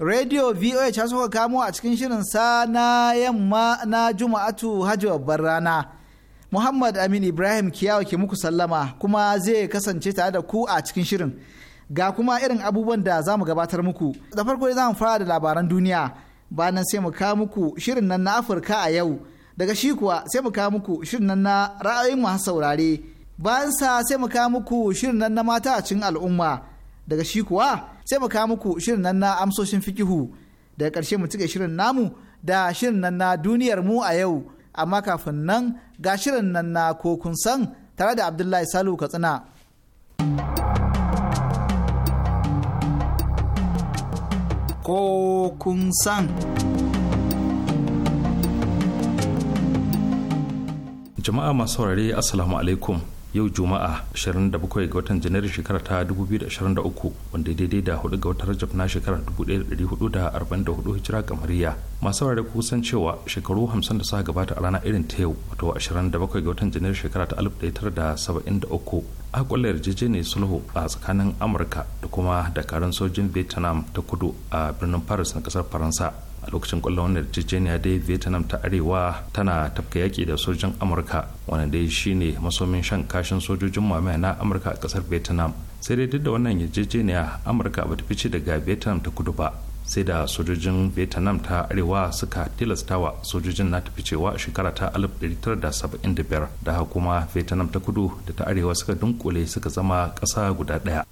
Radio VOH ya suka kamo a cikin shirin sa na yamma na Juma'atu Hajji babbar rana. Muhammad Amin Ibrahim Kiyawa ke muku sallama kuma zai kasance tare da ku a cikin shirin. Ga kuma irin abubuwan da za mu gabatar muku. Da farko za mu fara da labaran duniya. Bayan sai mu kawo muku shirin nan na Afirka a yau. Daga shi kuwa sai mu kawo muku shirin nan na ra'ayin masu saurare. Bayan sa sai mu kawo muku shirin nan na mata a cikin al'umma. daga shi kuwa sai mu kawo muku shirin nan na amsoshin fikihu daga ƙarshe mu cike shirin namu da shirin nan na duniyar mu a yau amma kafin nan ga shirin nan na ko kun san tare da abdullahi salu katsina ko kun san jama'a masu saurare assalamu alaikum yau juma'a 27 ga watan janairu shekara ta 2023 wanda daidai da 4 ga watan rajab na shekarar 1444 hijira kamariya masu ware kusan cewa shekaru 50 da suka gabata a rana irin ta yau wato 27 ga watan janairu shekara ta 1973 a kwallar yarjejeniyar sulhu a tsakanin amurka da kuma dakarun sojin vietnam ta kudu a birnin paris na kasar faransa a lokacin kwallon wannan yarjejeniya dai vietnam ta arewa tana tafka yaki da sojin amurka wanda dai shine masomin shan kashin sojojin mamaya na amurka a kasar vietnam sai dai duk da wannan yarjejeniya amurka bata fice daga vietnam ta kudu ba sai da sojojin vietnam ta arewa suka tilastawa sojojin na tafi cewa shekara ta 1975 da kuma vietnam ta kudu da ta arewa suka dunkule suka zama ƙasa guda ɗaya.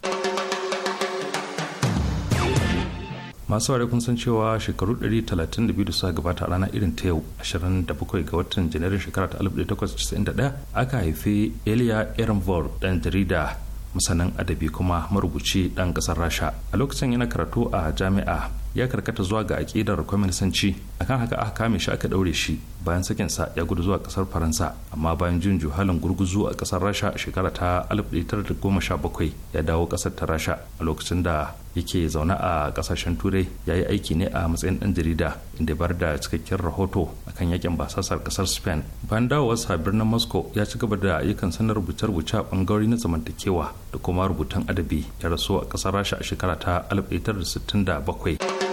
masu ware kun san cewa shekaru 132 da suka gabata a ranar irin ta yau 27 ga watan janairun shekara ta 1891 aka haifi Elia Ehrenvold dan jarida masanin adabi kuma marubuci dan kasar Rasha a lokacin yana karatu a jami'a ya karkata zuwa ga aƙidar kwaminisanci akan haka aka kame shi aka ɗaure shi bayan sakin sa ya gudu zuwa ƙasar faransa amma bayan jin juhalin gurguzu a ƙasar rasha shekara ta 1917 ya dawo ƙasar ta rasha a lokacin da yake zaune a ƙasashen turai ya yi aiki ne a matsayin ɗan jarida inda bar da cikakken rahoto akan yakin basasar ƙasar spain bayan dawowarsa birnin moscow ya ci gaba da ayyukan sanar rubuce-rubuce a ɓangarori na zamantakewa da kuma rubutun adabi ya rasu a ƙasar rasha a shekara ta 1967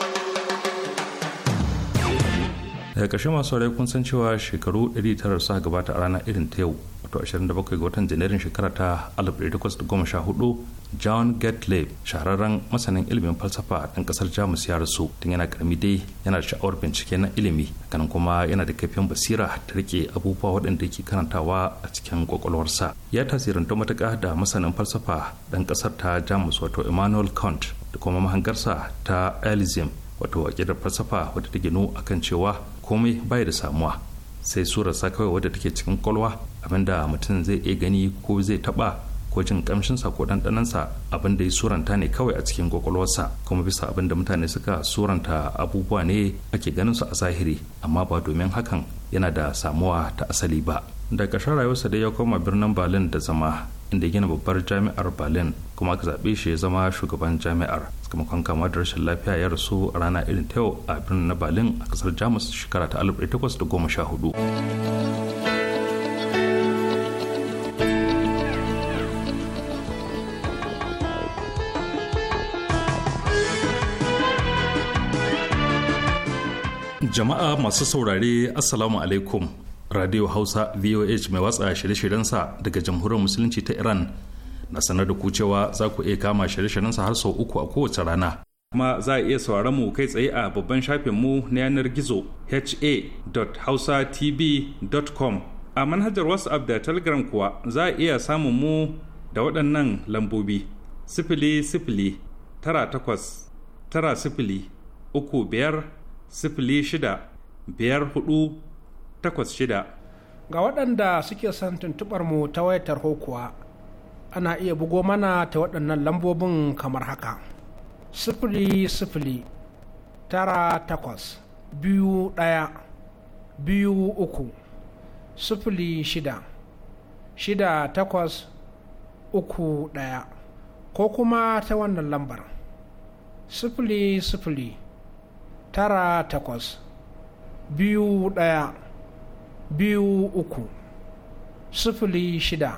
daga ƙarshe masu rai kun san cewa shekaru 900 suka gabata a ranar irin ta yau wato 27 ga watan janairun shekara ta 1814 john gatley shahararren masanin ilimin falsafa a ɗan ƙasar jamus ya rasu tun yana karami dai yana da sha'awar bincike na ilimi kanan kuma yana da kaifin basira ta rike abubuwa waɗanda yake karantawa a cikin kwakwalwarsa ya tasiranta matuƙa da masanin falsafa ɗan ƙasar ta jamus wato emmanuel kant da kuma mahangarsa ta alizim wato aƙidar falsafa wadda ta ginu akan cewa komai bai da samuwa sai surarsa kawai wadda take cikin kwalwa abinda mutum zai iya gani ko zai taba ko jin kamshinsa ko ɗanɗanansa abin da ya suranta ne kawai a cikin kwakwalwarsa kuma bisa abin da mutane suka suranta abubuwa ne ake ganin su a zahiri amma ba domin hakan yana da samuwa ta asali ba da ƙarshen rayuwarsa dai ya koma birnin berlin da zama inda gina babbar jami'ar berlin kuma aka zaɓe shi ya zama shugaban jami'ar sakamakon kama da rashin lafiya ya rasu a rana irin ta yau a birnin na berlin a kasar jamus shekara ta sha 1814 jama'a masu saurare assalamu alaikum radio hausa voh mai watsa shirye-shiryensa daga jamhuriyar musulunci ta iran na sanar da ku cewa za ku iya kama shirye-shiryensa har sau uku a kowace rana. Kuma za a iya sauraron mu kai tsaye a babban shafin mu na yanar gizo ha.hausa.tv.com. A manhajar WhatsApp da Telegram kuwa za a iya samun mu da waɗannan lambobi sifili sifili tara takwas tara sifili uku biyar sifili shida biyar hudu takwas shida. Ga waɗanda suke son tuntuɓar mu ta wayar tarho kuwa ana iya bugo mana ta waɗannan lambobin kamar haka sifili sifili tara takwas biyu ɗaya biyu uku sifili shida shida takwas uku ɗaya ko kuma ta wannan lambar sifili sifili tara takwas biyu ɗaya biyu uku sifili shida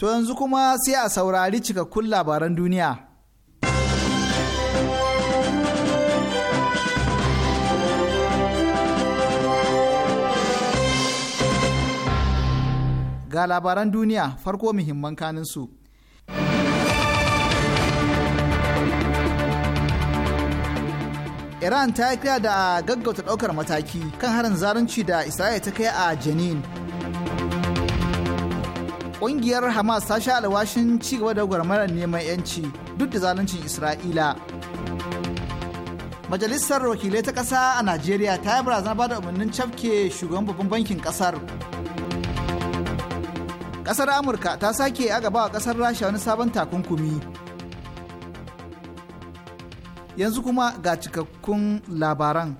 To yanzu kuma sai a saurari cikakkun labaran duniya. Ga labaran duniya farko muhimman kaninsu. Iran ta kira da gaggauta ɗaukar mataki kan harin zarunci da Isra'ila ta kai a Jenin. ƙungiyar hamas ta sha alwashin ci gaba da gwarmarar neman yanci duk da zaluncin isra'ila majalisar wakilai ta ƙasa a najeriya ta yi barazana ba da umarnin cafke shugaban babban bankin ƙasar ƙasar amurka ta sake agaba wa ƙasar rasha wani sabon takunkumi yanzu kuma ga cikakkun labaran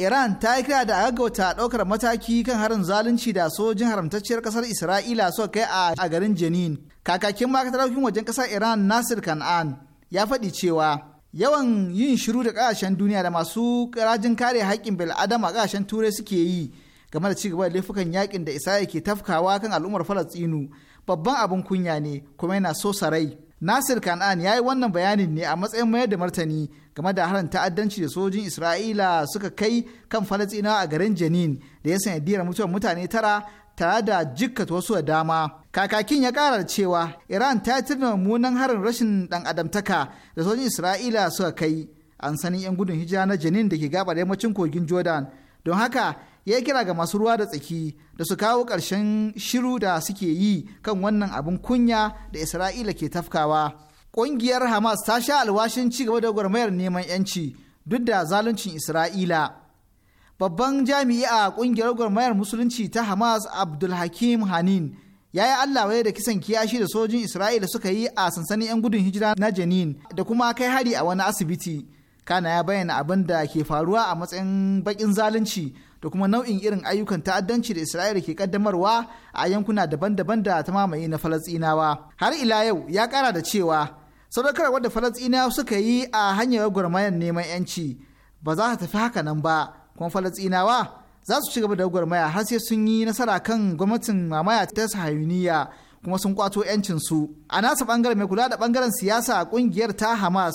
Iran ta yi kira da a gaggauta ɗaukar mataki kan harin zalunci da sojin haramtacciyar ƙasar Isra'ila suka kai a garin Jenin. Kakakin ma'aikatar wajen ƙasar Iran Nasir Kan'an ya faɗi cewa yawan yin shiru da ƙasashen duniya da masu rajin kare haƙƙin bil'adama a ƙasashen Turai suke yi game da cigaba da laifukan yaƙin da Isra'ila ke tafkawa kan al'ummar Falastinu babban abin kunya ne kuma yana so sarai. Nasir Kan'an ya yi wannan bayanin ne a matsayin mayar da martani game da harin ta'addanci da sojin isra'ila suka kai kan falastina a garin janin da ya sanadiyar mutuwar mutane tara tare da jikkata wasu da dama kakakin ya karar cewa iran ta tirna mummunan harin rashin dan adamtaka da sojin isra'ila suka kai an sanin yan gudun hijira na janin da ke gabar yammacin kogin jordan don haka ya kira ga masu ruwa da tsaki da su kawo ƙarshen shiru da suke yi kan wannan abin kunya da isra'ila ke tafkawa ƙungiyar hamas ta sha alwashin ci gaba da gwarmayar neman yanci duk da zaluncin isra'ila babban jami'i a ƙungiyar gwarmayar musulunci ta hamas abdulhakim hanin ya yi allah da kisan kiyashi da sojin isra'ila suka yi a sansanin 'yan gudun hijira na janin da kuma kai hari a wani asibiti kana ya bayyana abin da ke faruwa a matsayin baƙin zalunci da kuma nau'in irin ayyukan ta'addanci da Isra'ila ke kaddamarwa a yankuna daban-daban da ta mamaye na Falasɗinawa. Har ila yau ya kara da cewa sadaukarwar wadda falasɗinawa suka yi a hanyar gwarmayar neman yanci ba za ta tafi haka nan ba kuma falasɗinawa za su ci gaba da gwarmaya har sai sun yi nasara kan gwamnatin mamaya ta sahayuniya kuma sun kwato yancinsu a nasa bangaren mai kula da bangaren siyasa a kungiyar ta hamas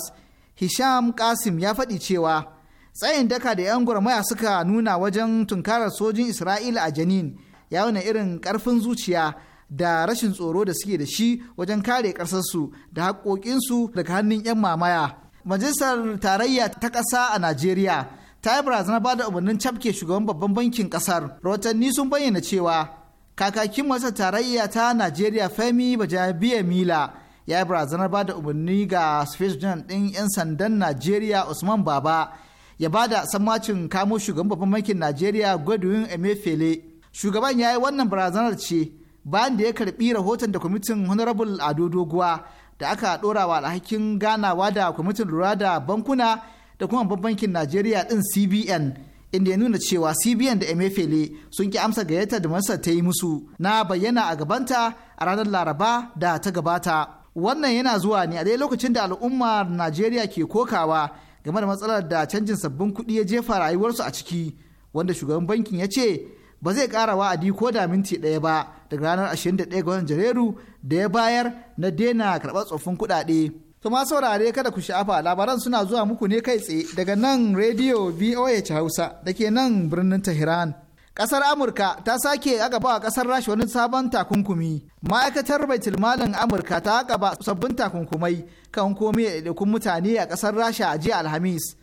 hisham kasim ya faɗi cewa tsayin daka da 'yan gwarmaya suka nuna wajen tunkarar sojin isra'ila a janin ya wani irin karfin zuciya da rashin tsoro da suke da shi wajen kare ƙasarsu da haƙoƙinsu daga hannun 'yan mamaya. Majalisar Tarayya ta ƙasa a Najeriya ta yi barazana ba da umarnin cafke shugaban babban bankin ƙasar. Rahotanni sun bayyana cewa kakakin majalisar tarayya ta Najeriya Femi Bajabiya Mila ya yi barazanar ba da umarni ga Space General ɗin 'yan sandan Najeriya Usman Baba ya ba da sammacin kamo shugaban babban bankin Najeriya Godwin Emefiele. Shugaban ya yi wannan barazanar ce bayan da ya karbi rahoton da kwamitin honorable ado doguwa da aka dora wa alhakin ganawa da kwamitin lura da bankuna da kuma bankin najeriya din cbn inda ya nuna cewa cbn da emefiele sun ki amsa gayyatar da masar ta yi musu na bayyana a gabanta a ranar laraba da ta gabata wannan yana zuwa ne a dai lokacin da al'ummar najeriya ke kokawa game da matsalar da canjin sabbin kuɗi ya jefa rayuwarsu a ciki wanda shugaban bankin ya ce ba zai ƙara wa'adi ko da minti ɗaya ba daga ranar 21 ga watan Janairu da ya bayar na dena karɓar tsoffin kuɗaɗe. To ma saurare kada ku sha'afa labaran suna zuwa muku ne kai tsaye daga nan rediyo VOH Hausa da ke nan birnin Tehran. Kasar Amurka ta sake agaba a kasar Rasha wani sabon takunkumi. Ma'aikatar Baitul tilmalin Amurka ta ba sabbin takunkumai kan komai da mutane a kasar Rasha a jiya Alhamis.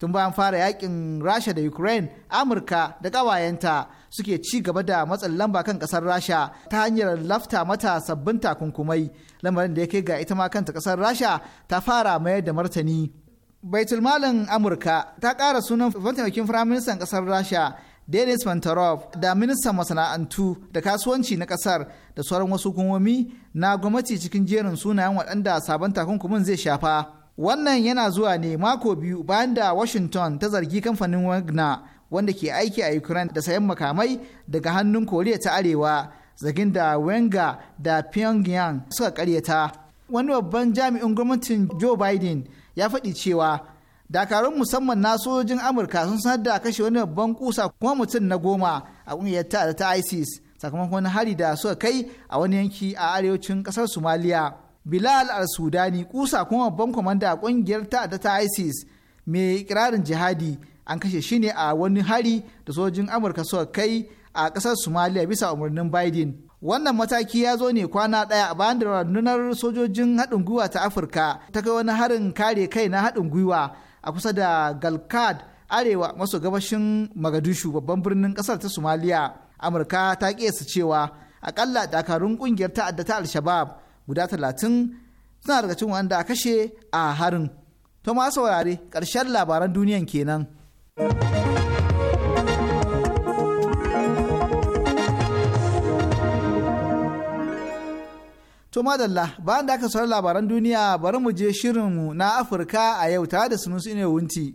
tun bayan fara yakin rasha da ukraine amurka da ƙawayenta suke ci gaba da matsin lamba kan kasar rasha ta hanyar lafta mata sabbin takunkumai lamarin da ya kai ga ita ma kanta kasar rasha ta fara mayar da martani baitulmalin amurka ta kara sunan mataimakin firaministan kasar rasha denis mantarov da ministan masana'antu da kasuwanci na kasar da sauran wasu hukumomi na gwamnati cikin jerin sunayen waɗanda sabon takunkumin zai shafa wannan yana zuwa ne mako biyu bayan da washington ta zargi kamfanin wagner wanda ke aiki a ukraine da sayan makamai daga hannun koriya ta arewa zagin da wenga da pyongyang suka karyata wani babban jami'in gwamnatin joe biden ya faɗi cewa dakarun musamman na sojojin amurka sun sanar da kashe wani babban kusa kuma mutum na goma a ƙungiyar ta isis sakamakon hari da suka kai a wani yanki a arewacin ƙasar somaliya bilal al-sudani kusa kuma babban kwamanda a kungiyar ta'adda ta isis mai kirarin jihadi an kashe shi ne a wani hari da sojin amurka suka kai a kasar somalia bisa umarnin biden wannan mataki ya zo ne kwana ɗaya bayan da rundunar sojojin haɗin gwiwa ta afirka ta kai wani harin kare kai na haɗin gwiwa a kusa da galkad arewa maso gabashin magadishu babban birnin ƙasar ta somaliya amurka ta ƙiyasta cewa akalla dakarun ƙungiyar ta'adda ta al shabaab guda talatin suna daga cikin wanda a kashe a harin. To ma saurare ƙarshen labaran duniyan kenan. To madalla bayan da aka saurari labaran duniya bari mu je shirinmu na Afirka a yau tare da sunusu ne wunti.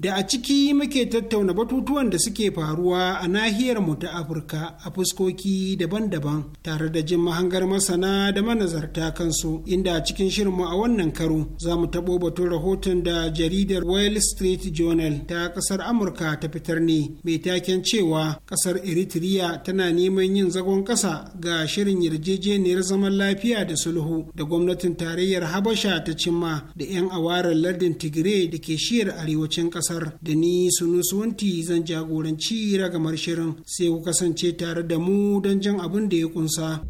da a ciki muke tattauna batutuwan da suke faruwa a nahiyar mu ta Afirka a fuskoki daban-daban tare da jin mahangar masana da manazarta kansu inda a cikin shirinmu a wannan karo za mu taɓo batun rahoton da jaridar Wall Street Journal ta ƙasar Amurka ta fitar ne mai taken cewa ƙasar Eritrea tana neman yin zagon ƙasa ga shirin yarjejeniyar zaman lafiya da sulhu da gwamnatin tarayyar Habasha ta cimma da 'yan awarar lardin Tigray da ke shiyar arewacin ƙasa. kasar da ni suwanti zan jagoranci ragamar shirin sai ku kasance tare da mu don jan abin da ya kunsa.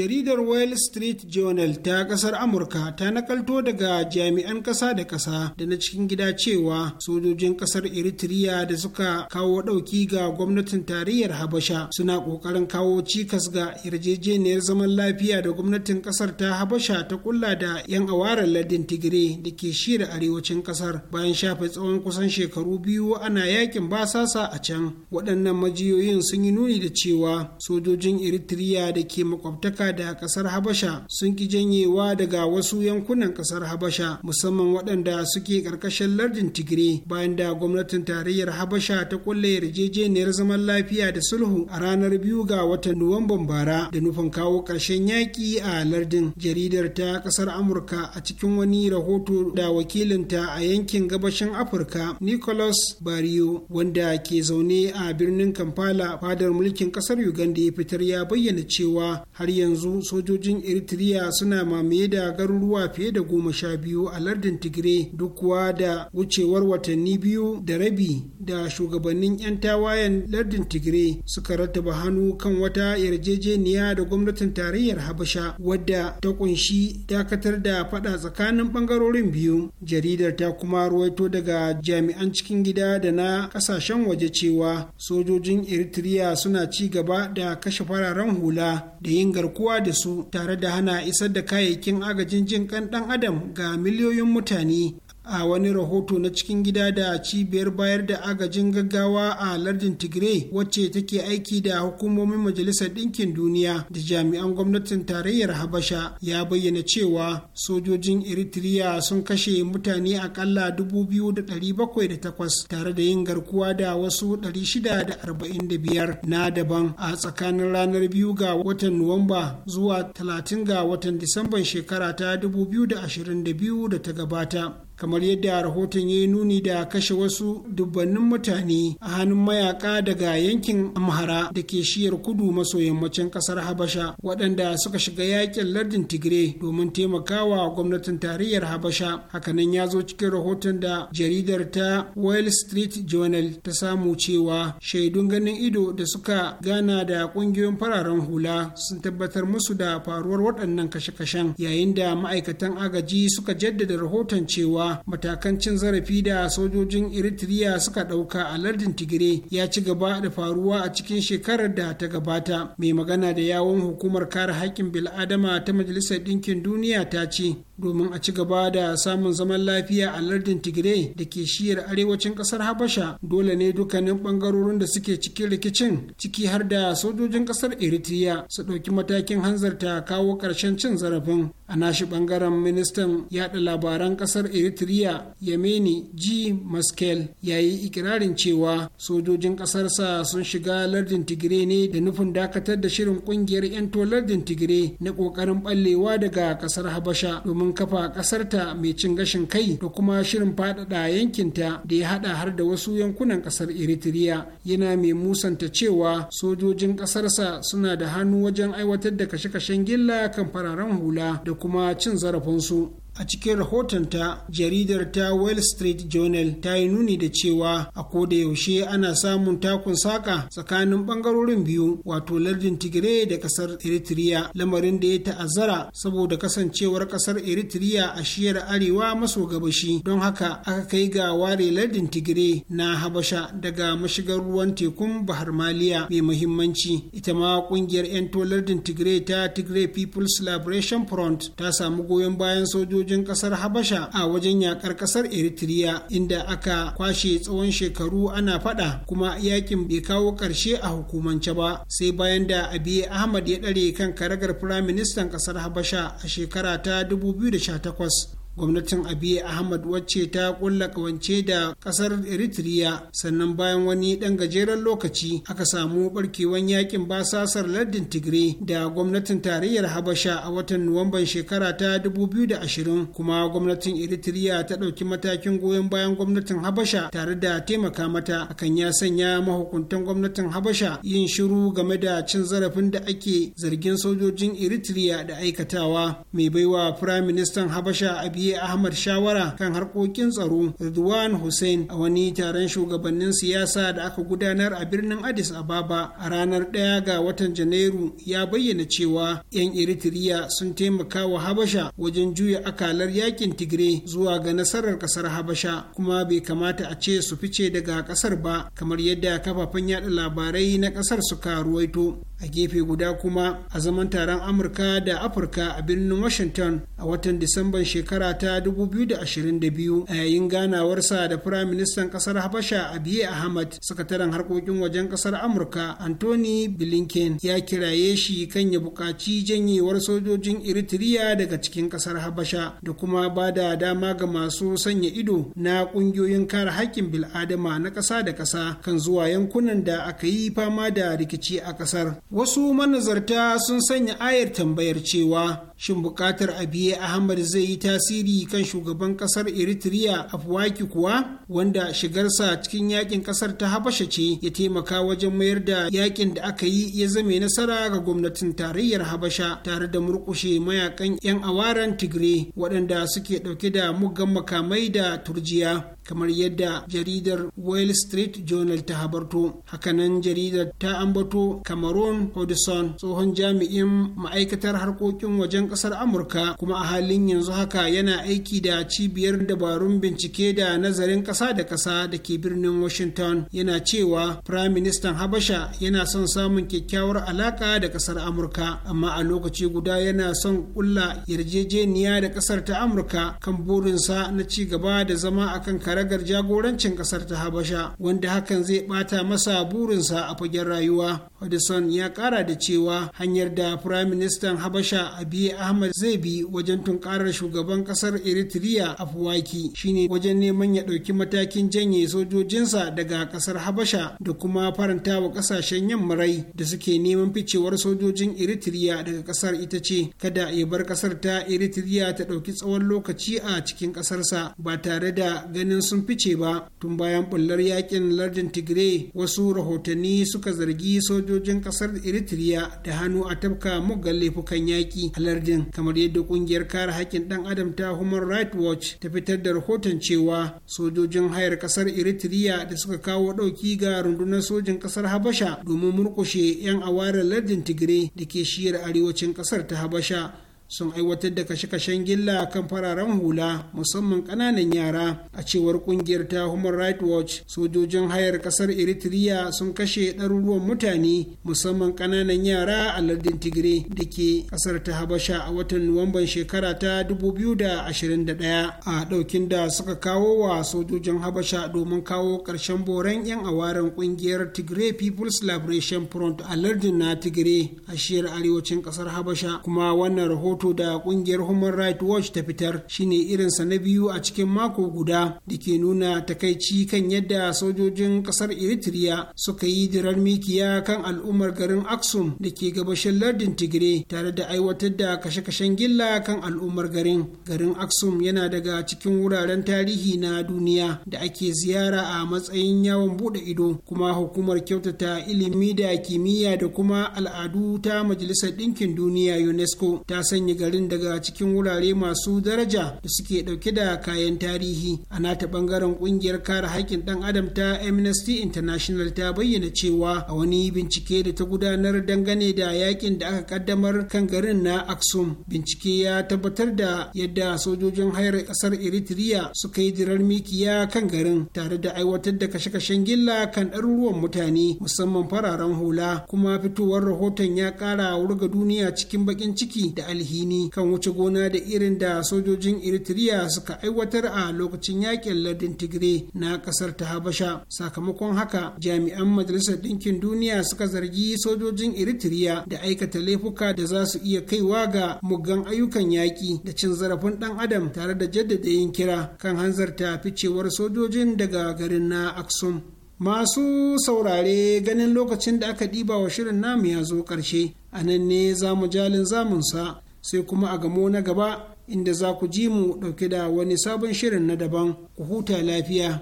jaridar wall street journal ta kasar amurka ta nakalto daga jami'an kasa da kasa da na cikin gida cewa sojojin kasar eritrea da suka kawo ɗauki ga gwamnatin tarayyar habasha suna ƙoƙarin kawo cikas ga yarjejeniyar zaman lafiya da gwamnatin kasar ta habasha ta kulla da 'yan awara ladin Tigray da ke shira arewacin kasar bayan shafe tsawon kusan shekaru biyu ana yakin basasa a can waɗannan majiyoyin sun yi nuni da cewa sojojin eritrea da ke makwabtaka da kasar Habasha sun ki janyewa daga wasu yankunan kasar Habasha musamman waɗanda suke ƙarƙashin lardin Tigre bayan da gwamnatin tarayyar Habasha ta kulle yarjejeniyar zaman lafiya da sulhu a ranar biyu ga watan Nuwamban bara da nufin kawo ƙarshen yaƙi a lardin jaridar ta kasar Amurka a cikin wani rahoto da wakilinta a yankin gabashin Afirka Nicholas Barrio wanda ke zaune a birnin Kampala fadar mulkin kasar Uganda ya fitar ya bayyana cewa har yanzu yanzu sojojin eritrea suna mamaye da garuruwa fiye da goma sha biyu a lardin tigre duk kuwa da wucewar watanni biyu da rabi da shugabannin 'yan tawayen lardin tigre suka rattaba hannu kan wata yarjejeniya da gwamnatin tarayyar habasha wadda ta kunshi dakatar da fada tsakanin bangarorin biyu jaridar ta kuma ruwaito daga jami'an cikin gida da na kasashen waje cewa sojojin eritrea suna ci gaba da kashe fararen hula da yin garkuwa garkuwa da su tare da hana isar da kayayyakin agajin jin kan ɗan adam ga miliyoyin mutane a wani rahoto na cikin gida da cibiyar bayar da agajin gaggawa a lardin tigray wacce take aiki da hukumomin majalisar ɗinkin duniya da jami'an gwamnatin tarayyar habasha ya bayyana cewa sojojin eritrea sun kashe mutane akalla 2,708 tare da yin garkuwa da wasu 645 na daban a tsakanin ranar 2 ga watan nuwamba zuwa 30 ga watan disamban shekara ta 2022 da ta gabata kamar yadda rahoton ya yi nuni da kashe wasu dubbannin mutane a hannun mayaka daga yankin amhara da ke shiyar kudu maso yammacin kasar habasha waɗanda suka shiga yakin lardin tigre domin taimakawa gwamnatin tarayyar habasha hakanan ya zo cikin rahoton da jaridar ta wall street journal ta samu cewa shaidun ganin ido da suka gana da ƙungiyoyin fararen hula sun tabbatar musu da faruwar waɗannan kashe-kashen yayin da ma'aikatan agaji suka jaddada rahoton cewa matakan cin zarafi da sojojin eritrea suka ɗauka a lardin tigire ya ci gaba da faruwa a cikin shekarar da ta gabata mai magana da yawon hukumar kare haƙƙin bil'adama ta majalisar ɗinkin duniya ta ce domin a ci gaba da samun zaman lafiya a lardin tigray da ke shiyar arewacin kasar habasha dole ne dukkanin bangarorin da suke cikin rikicin ciki har da sojojin kasar eritrea su ɗauki matakin hanzarta kawo ƙarshen cin zarafin a nashi bangaren ministan yada labaran kasar eritrea yameni g maskel ya yi ikirarin cewa sojojin kasarsa sun shiga lardin tigire ne da nufin dakatar da shirin kungiyar 'yan lardin tigre na kokarin ɓallewa daga kasar habasha domin kafa ƙasarta mai cin gashin kai da kuma shirin faɗaɗa yankinta da ya haɗa har da wasu yankunan ƙasar eritrea yana mai musanta cewa sojojin ƙasarsa suna da hannu wajen aiwatar da kashe-kashen gilla kan fararen hula da kuma cin zarafinsu a cikin rahotonta jaridar ta wall street journal ta yi nuni da cewa a koda yaushe ana samun takun saka tsakanin bangarorin biyu wato lardin tigray da kasar eritrea lamarin da ya ta'azzara saboda kasancewar kasar eritrea a shiyar arewa maso gabashi don haka aka kai ga ware lardin tigray na habasha daga mashigar ruwan tekun bahar maliya mai muhimmanci ita ma kungiyar 'yan lardin tigray ta tigray people's liberation front ta samu goyon bayan sojoji sojojin kasar habasha a wajen yakar kasar eritrea inda aka kwashe tsawon shekaru ana fada kuma yakin bai kawo ƙarshe a hukumance ba sai bayan da abiy ahmad ya ɗare kan karagar firaministan kasar habasha a shekara ta 2018 gwamnatin abiy ahmad wacce ta kulla kawance da kasar eritrea sannan bayan wani dan gajeren lokaci aka samu barkewan yakin basasar lardin tigray da gwamnatin tarayyar habasha a watan nuwamban shekara ta 2020 kuma gwamnatin eritrea ta ɗauki matakin goyon bayan gwamnatin habasha tare da taimaka mata akan ya sanya mahukuntan gwamnatin habasha yin shiru game da cin zarafin da ake zargin sojojin eritrea da aikatawa mai baiwa firayim ministan habasha abiy Abiy Ahmad shawara kan harkokin tsaro Ridwan Hussein a wani taron shugabannin siyasa da aka gudanar a birnin Addis Ababa a ranar ɗaya ga watan Janairu ya bayyana cewa 'yan Eritrea sun taimaka wa Habasha wajen juya akalar yakin Tigray zuwa ga nasarar kasar Habasha kuma bai kamata a ce su fice daga kasar ba kamar yadda kafafen yada labarai na kasar suka ruwaito. a gefe guda kuma a zaman taron amurka da afirka a birnin washington a watan disamban shekara ta 2022 a yayin ganawarsa da firayim ministan kasar habasha abiye ahmad sakataren harkokin wajen kasar amurka anthony blinken ya kiraye shi kan ya buƙaci janyewar sojojin eritrea daga cikin kasar habasha da kuma ba da dama ga masu sanya ido na ƙungiyoyin kare haƙƙin bil'adama na ƙasa da ƙasa kan zuwa yankunan da aka yi fama da rikici a ƙasar Wasu manazarta sun sanya ayar tambayar cewa shin bukatar abiye ahmad zai yi tasiri kan shugaban kasar eritrea afwaki kuwa wanda shigarsa cikin yakin kasar ta habasha ce ya taimaka wajen mayar da yakin da aka yi ya zame nasara ga gwamnatin tarayyar habasha tare da murkushe mayakan yan awaran tigre waɗanda suke ɗauke da muggan makamai da turjiya kamar yadda jaridar wall street journal ta habarto hakanan jaridar ta ambato cameron hodgson tsohon jami'in ma'aikatar harkokin wajen kasar amurka kuma a halin yanzu haka yana aiki da cibiyar dabarun bincike da nazarin kasa da kasa da ke birnin washington yana cewa prime minister habasha yana son samun kyakkyawar alaka da kasar amurka amma a lokaci guda yana son kulla yarjejeniya da kasar ta amurka kan burinsa na ci gaba da zama akan kare ragar jagorancin kasar ta habasha wanda hakan zai bata masa burinsa a fagen rayuwa hudson ya kara da cewa hanyar da firaministan ministan habasha abiy ahmad zai bi wajen tunkarar shugaban kasar eritrea afwaki shine wajen neman ya ɗauki matakin janye sojojinsa daga kasar habasha da kuma faranta wa kasashen yammarai da suke neman ficewar sojojin eritrea daga kasar ita ce kada ya bar kasar ta eritrea ta ɗauki tsawon lokaci a cikin ƙasarsa ba tare da ganin sun fice ba tun bayan bullar yakin lardin tigray wasu rahotanni suka zargi sojojin kasar eritrea da hannu a tafka muggan laifukan yaƙi a lardin kamar yadda kungiyar kare haƙƙin ɗan adam ta human right watch ta fitar da rahoton cewa sojojin hayar kasar eritrea da suka kawo ɗauki ga rundunar sojin kasar habasha domin murkushe 'yan awarar lardin tigray da ke shiyar arewacin kasar ta habasha sun aiwatar da kashe-kashen gilla kan fararen hula musamman ƙananan yara a cewar kungiyar ta human rights watch sojojin hayar ƙasar eritrea sun kashe ɗaruruwan mutane musamman ƙananan yara a lardin tigray da ke ƙasar ta habasha a watan nuwamban shekara ta 2021 a ɗaukin da suka kawo wa sojojin habasha domin kawo ƙarshen boren 'yan awaren kungiyar tigray people's liberation front a lardin na tigray a shiyar arewacin ƙasar habasha kuma wannan rahoto rahoto da kungiyar human rights watch ta fitar shine irinsa na biyu a cikin mako guda da ke nuna takaici kan yadda sojojin kasar eritrea suka yi dirar mikiya kan al'ummar garin aksum da ke gabashin lardin tigre tare da aiwatar da kashe-kashen gilla kan al'ummar garin garin aksum yana daga cikin wuraren tarihi na duniya da ake ziyara a matsayin yawon bude ido kuma hukumar kyautata ilimi da kimiyya da kuma al'adu ta majalisar ɗinkin duniya unesco ta sanya garin daga cikin wurare masu daraja da suke dauke da kayan tarihi a nata bangaren kungiyar kare haƙƙin dan adam ta amnesty international ta bayyana cewa a wani bincike da ta gudanar dangane da yakin da aka kaddamar kan garin na aksum bincike ya tabbatar da yadda sojojin hayar kasar eritrea suka yi dirar mikiya kan garin tare da aiwatar da kashe-kashen gilla kan ɗaruruwan mutane musamman fararen hula kuma fitowar rahoton ya ƙara wurga duniya cikin baƙin ciki da alhi addini kan wuce gona da irin da sojojin eritrea suka aiwatar a lokacin yakin lardin tigray na kasar ta habasha sakamakon haka jami'an majalisar ɗinkin duniya suka zargi sojojin eritrea da aikata laifuka da za su iya kaiwa ga muggan ayyukan yaƙi da cin zarafin ɗan adam tare da jaddada yin kira kan hanzarta ficewar sojojin daga garin na aksum masu saurare ganin lokacin da aka ɗiba wa shirin namu ya zo ƙarshe a nan ne zamu jalin zamunsa sai kuma a gamo na gaba inda za ku ji mu ɗauke da wani sabon shirin na daban ku huta lafiya.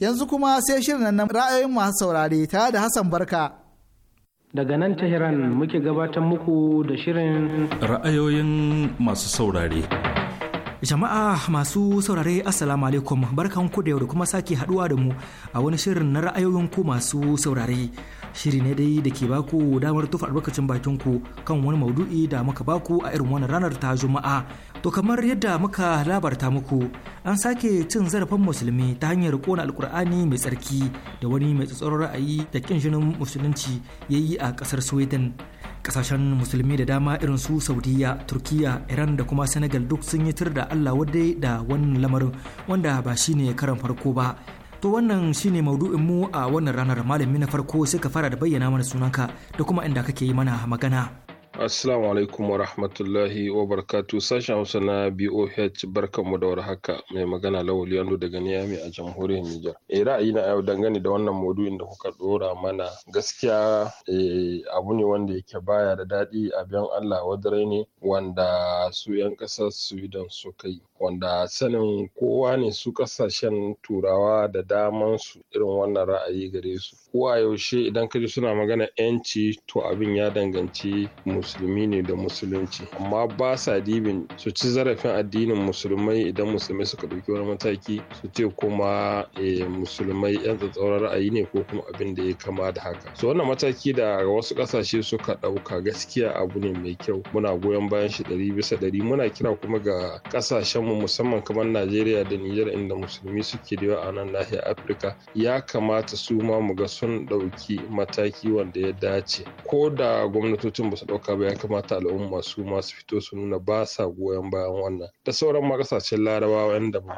Yanzu kuma sai shirin nan ra'ayoyin masu saurare tare da Hassan Barka. Daga nan Tehran muke gabatar muku da shirin ra'ayoyin masu saurare. Jama'a masu saurare Assalamu alaikum barkan ku da yau da kuma sake haduwa da mu a wani shirin na ra'ayoyin ku masu saurare. Shiri ne dai da ke baku damar tufa albarkacin bakin ku kan wani maudu'i da muka baku a irin wannan ranar ta Juma'a. To kamar yadda muka labarta muku an sake cin zarafin musulmi ta hanyar kona alkur'ani mai tsarki da wani mai tsatsoron ra'ayi da kin jinin musulunci yayi a kasar Sweden. kasashen musulmi da dama irin su saudiya turkiya iran da kuma senegal duk sun yi tur da allah wadai da wannan lamarin wanda ba shine karan farko ba to wannan shine maudu'in mu a wannan ranar malami na farko sai ka fara da bayyana mana sunanka da kuma inda kake yi mana magana Assalamu alaikum wa rahmatullahi wa barakatu sashen Hausa na BOH barkanmu da war haka mai magana lawali Yando daga Niyami a jamhuriyar Nijar. Eh na yau dangane da wannan maudu'in da kuka dora mana gaskiya Eh, abu ne wanda yake baya da daɗi a biyan Allah wadare ne wanda su 'yan ƙasar Sweden su kai wanda sanin kowa ne su ƙasashen turawa da daman su irin wannan ra'ayi gare su. Kowa yaushe idan ka ji suna magana 'yanci to abin ya danganci mu musulmi ne da musulunci amma ba sa dibin su ci zarafin addinin musulmai idan musulmai suka ɗauki wani mataki su ce kuma eh, musulmai yan tsatsauran ra'ayi ne ko kuma abin da ya kama da haka Su wannan mataki da wasu ƙasashe suka ɗauka gaskiya abu ne mai kyau muna goyon bayan shi ɗari bisa ɗari muna kira kuma ga ƙasashenmu musamman kamar najeriya da nijar inda musulmi suke da a nan nahiyar afirka ya kamata su ma mu ga sun ɗauki mataki wanda ya dace ko da gwamnatocin ba su ɗauka taimaka ba ya kamata al'umma su masu fito su nuna ba sa goyon bayan wannan da sauran ma kasashen larabawa yanda ba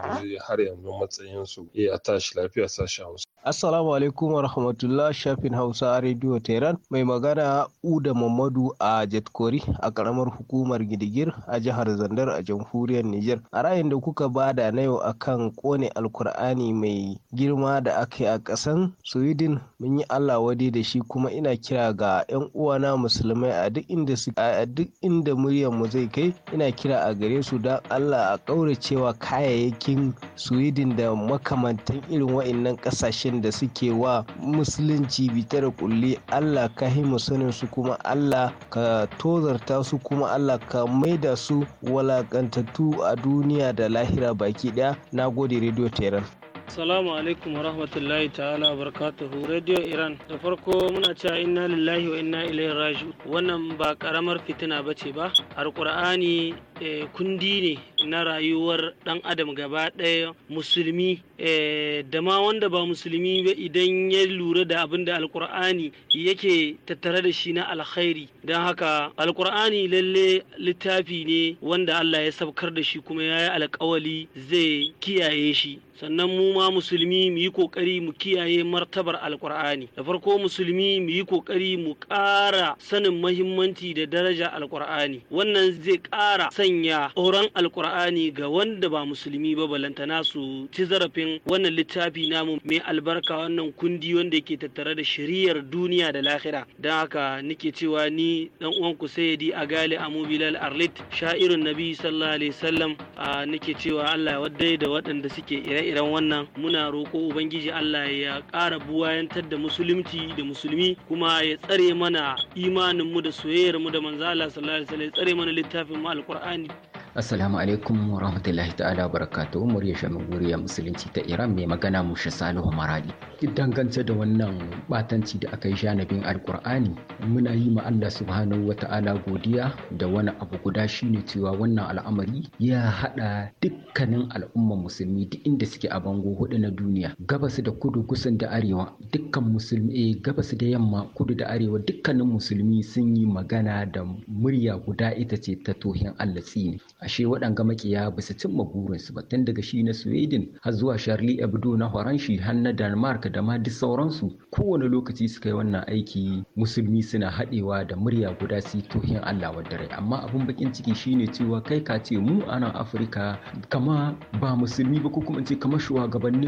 har yanzu matsayin su eh, a tashi lafiya sashen hausa Assalamu alaikum rahmatullah shafin Hausa a Radio Tehran mai magana Uda Mamadu a Jetkori a karamar hukumar Gidigir a jihar Zandar a jamhuriyar Nijar. A ra'ayin da kuka bada na yau akan kone Alkur'ani mai girma da aka a ƙasan Sweden mun yi Allah wadi da shi kuma ina kira ga 'yan uwana musulmai a duk inda su a duk inda muryar mu zai kai ina kira a gare su don Allah a cewa kayayyakin Sweden da makamantan irin wa'annan ƙasashe aikin da suke wa musulunci bitar kulli Allah ka himu sanin su kuma Allah ka tozarta su kuma Allah ka maida su walakantattu a duniya da lahira baki daya nagode radio teran Salamu alaikum wa rahmatullahi ta'ala wa barakatuhu Radio Iran da farko muna cewa inna lillahi wa inna ilaihi raju wannan ba karamar fitina ba ba alkur'ani eh, kundi ne na rayuwar dan adam gaba ɗaya musulmi Eh, da ma wanda ba musulmi ba idan ya lura da abin da alkur'ani yake tattare da shi na alkhairi don haka alkur'ani lalle littafi ne wanda allah ya sabkar da shi kuma ya yi alkawali zai kiyaye shi sannan mu ma musulmi mu yi kokari mu kiyaye martabar alkur'ani da farko musulmi mu yi kokari mu ƙara sanin mahimmanci da daraja alkur'ani wannan zai ƙara sanya tsoron alkur'ani ga wanda ba musulmi ba balantana su ci zarafin wannan littafi namu mai albarka wannan kundi wanda yake tattare da shiriyar duniya da lahira don haka nake cewa ni dan uwanku sayyidi a gali amu bilal arlit sha'irin nabi sallallahu alaihi wasallam nake cewa allah wadai da waɗanda suke ire-iren wannan muna roƙo ubangiji allah ya ƙara buwayantar da musulunci da musulmi kuma ya tsare mana imaninmu da soyayyarmu da manzo allah sallallahu alaihi wasallam ya tsare mana littafin mu alkur'ani Assalamu alaikum wa rahmatullahi ta'ala barakatuhu murya shamaguriyar musulunci ta Iran mai magana shi Salihu Maradi. Dangance da wannan batanci da aka yi janabin Alkur'ani muna yi ma Allah subhanahu wa ta'ala godiya da wani abu guda shine cewa wannan al'amari ya haɗa dukkanin al'ummar musulmi duk inda suke a bango hudu na duniya gabas da kudu kusan da arewa dukkan musulmi eh gabas da yamma kudu da arewa dukkanin musulmi sun yi magana da murya guda ita ce ta tohin Allah tsini ashe waɗanga makiya ba su cimma burinsu ba tun daga shi na sweden har zuwa charlie hebdo na faranshi har na denmark da ma duk sauransu kowane lokaci suka yi wannan aiki musulmi suna haɗewa da murya guda su tohin allah wa dare amma abin bakin ciki shine cewa kai ka ce mu a nan afirka kama ba musulmi ba ko kuma ce kama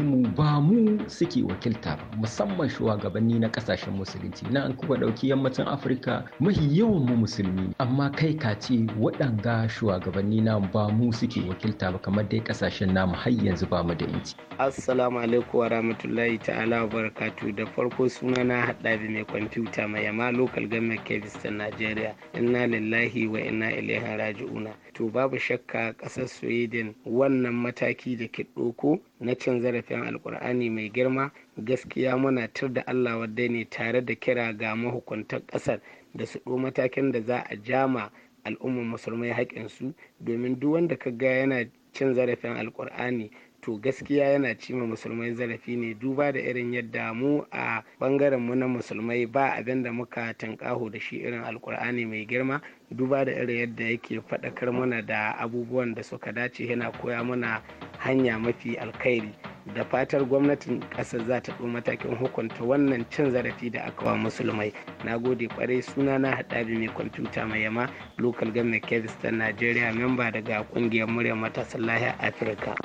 mu ba mu suke wakilta ba musamman shugabanni na kasashen musulunci na an kuma ɗauki yammacin afirka mahi yawan mu musulmi amma kai ka ce waɗanga shugabanni ina ba mu suke wakilta ba kamar dai kasashen namu har yanzu ba mu da inci. Assalamu alaikum wa rahmatullahi ta'ala wa barakatu da farko suna na haɗabi mai kwamfuta mai yama local government kebis ta Najeriya inna lillahi wa inna ilaihi raji'una. To babu shakka kasar Sweden wannan mataki da ke ɗoko na cin zarafin alkur'ani mai girma gaskiya muna tar da Allah wadda ne tare da kira ga mahukuntan ƙasar da su ɗo matakin da za a jama al'ummar musulmai haƙƙinsu domin duk wanda ka ga yana cin zarafin al'ƙur'ani to gaskiya yana cima musulmai zarafi ne duba da irin yadda mu a bangaren mu na musulmai ba abin da muka tanƙaho da shi irin al'ƙur'ani mai girma duba da irin yadda yake faɗakar mana da abubuwan da suka dace yana koya mana hanya mafi alkhairi da fatar gwamnatin ƙasar za ta ɗau matakin hukunta wannan cin zarafi da aka wa musulmai na gode kwarai suna na haɗari mai kwamfuta mai yama local government kebis ta nigeria memba daga ƙungiyar muryar matasan lahiya afirka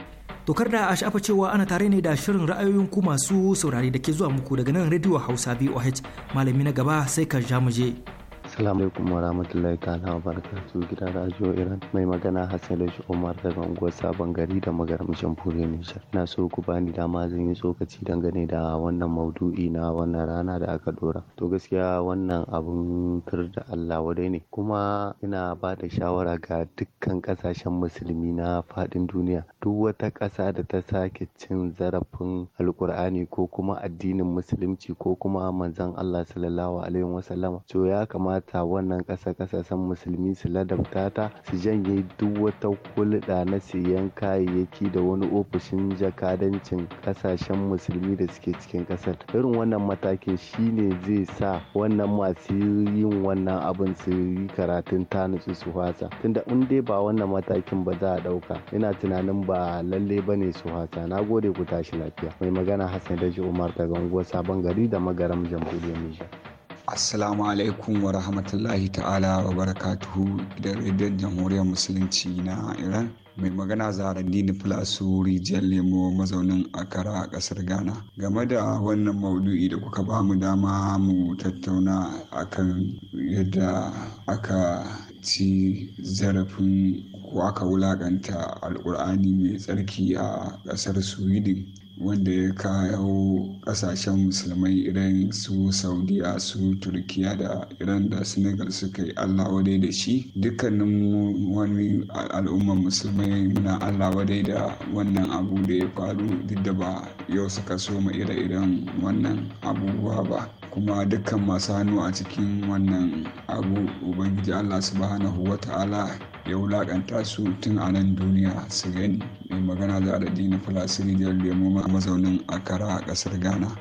tokar da a shafa cewa ana tare ne da shirin ra'ayoyin ku masu saurari da ke zuwa muku daga nan rediyo hausa boh malami na gaba sai ka ja mu je. Assalamu alaikum warahmatullahi ta'ala wa barakatuhu gidan Radio Iran mai magana Hassan Lashi Umar daga unguwar Sabon Gari da magaramcin Fure Nijar. Na so ku bani dama zan yi tsokaci dangane da wannan maudu'i na wannan rana da aka dora. To gaskiya wannan abun tur da Allah wadai ne kuma ina ba da shawara ga dukkan kasashen musulmi na faɗin duniya. Duk wata ƙasa da ta sake cin zarafin alkur'ani ko kuma addinin musulunci ko kuma manzon Allah sallallahu alaihi wasallama. To ya kamata halarta wannan ƙasa ƙasashen musulmi su ladabta ta su janye duk wata hulɗa na siyan kayayyaki da wani ofishin jakadancin ƙasashen musulmi da suke cikin ƙasar irin wannan matakin shine zai sa wannan masu yin wannan abin su yi karatun ta nutsu su hasa tunda in dai ba wannan matakin ba za a ɗauka ina tunanin ba lalle ba ne su hasa na gode ku tashi lafiya mai magana hassan daji umar daga unguwar sabon gari da magaram jamhuriyar nijar Assalamu alaikum wa rahmatullahi ta'ala wa barakatuhu da Radiyar jamhuriyar musulunci na Iran. Mai magana zara Dini Filasu Rijiyar Lemo mazaunin Akara a ƙasar Ghana. Game da wannan maudu'i da kuka ba mu dama mu tattauna akan yadda aka ci zarafin ko aka wulaƙanta alkur'ani mai tsarki a ƙasar Sweden. wanda ya kawo ƙasashen musulmai irin su saudiya su turkiya da iran da senegal suka yi allah wadai da shi dukkanin wani al'ummar musulmai na allah wadai da wannan abu da ya faru duk da ba yau suka soma ire-iren wannan abubuwa ba kuma dukkan masu hannu a cikin wannan abu ubangiji allah subhanahu wa ta'ala ya wulaƙanta su tun a nan duniya su gani mai magana za a da dina falasiri da lemo mazaunin akara a ƙasar ghana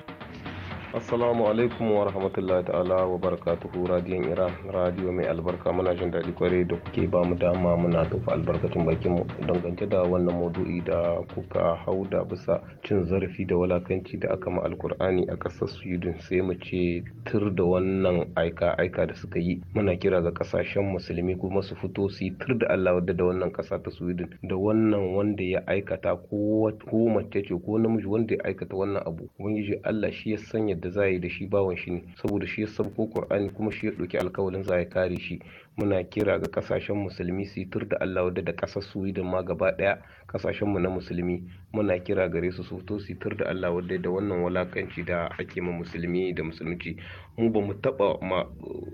assalamu alaikum wa rahmatullahi ta'ala wa barakatuhu radiyon iran radiyo mai albarka muna jin daɗi kwarai da kuke ba mu dama muna tofa albarkacin bakin mu dangance da wannan maudu'i da kuka hau da bisa cin zarafi da walakanci da aka ma alkur'ani a ƙasar sweden sai mu ce tur da wannan aika aika da suka yi muna kira ga ƙasashen musulmi kuma su fito su yi tur da allah wadda da wannan ƙasa ta sweden da wannan wanda ya aikata ko mace ce ko namiji wanda ya aikata wannan abu ubangiji allah shi ya sanya da za yi da shi bawan shi ne saboda shi ya sauko Qur'ani kuma shi ya ɗauki alkawalin za ya kare shi muna kira ga kasashen musulmi su yi tur da Allah wadda da ƙasar Sweden ma gaba ɗaya kasashen mu na musulmi muna kira gare su su su tur da Allah wadda da wannan walakanci da ake ma musulmi da musulunci mu ba mu taɓa ma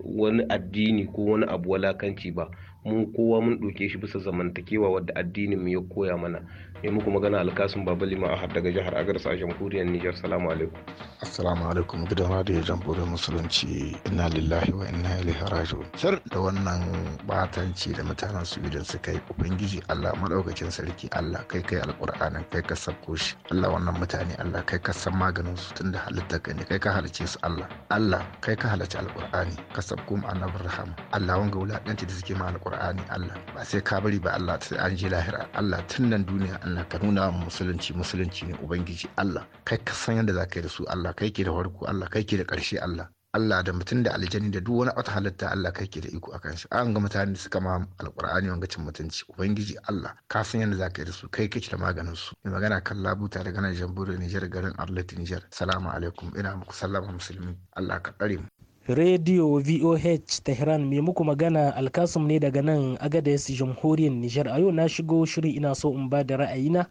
wani addini ko wani abu walakanci ba mu kowa mun ɗauke shi bisa zamantakewa wadda addinin mu ya koya mana ya muku magana alkasun baba liman a daga jihar Agar a jamhuriyar nijar salamu alaikum assalamu alaikum gidan radio jamhuriyar musulunci inna lillahi wa inna ilaihi raji'un sir da wannan batanci da mutanen sweden suka yi ubangiji allah madaukakin sarki allah kai kai alkur'anin kai ka sabko shi allah wannan mutane allah kai ka san maganin su tunda halitta ka ne kai ka halice su allah allah kai ka halarci alkur'ani ka sabko mu annabi rahama allah wanga wulaƙanci da suke ma alkur'ani allah ba sai ka bari ba allah sai an je lahira allah tun nan duniya Allah ka nuna musulunci musulunci ne ubangiji Allah kai ka san yadda za ka yi da su Allah kai ke da farko Allah kai ke da ƙarshe Allah Allah da mutum da aljani da duk wani wata halitta Allah kai ke da iko a kan an ga mutane suka ma alƙur'ani wanga cin mutunci ubangiji Allah ka san yadda zaka yi da su kai kake da maganin su mai magana kan labuta daga nan jamhuriyar Nijar garin Arlet Nijar salamu alaikum ina muku sallama musulmi Allah ka tsare mu Radio VOH Tehran mai muku magana Alkasum ne daga nan Agadez Jamhuriyar Nijar. A yau na shigo shiri ina so in ba da ra'ayina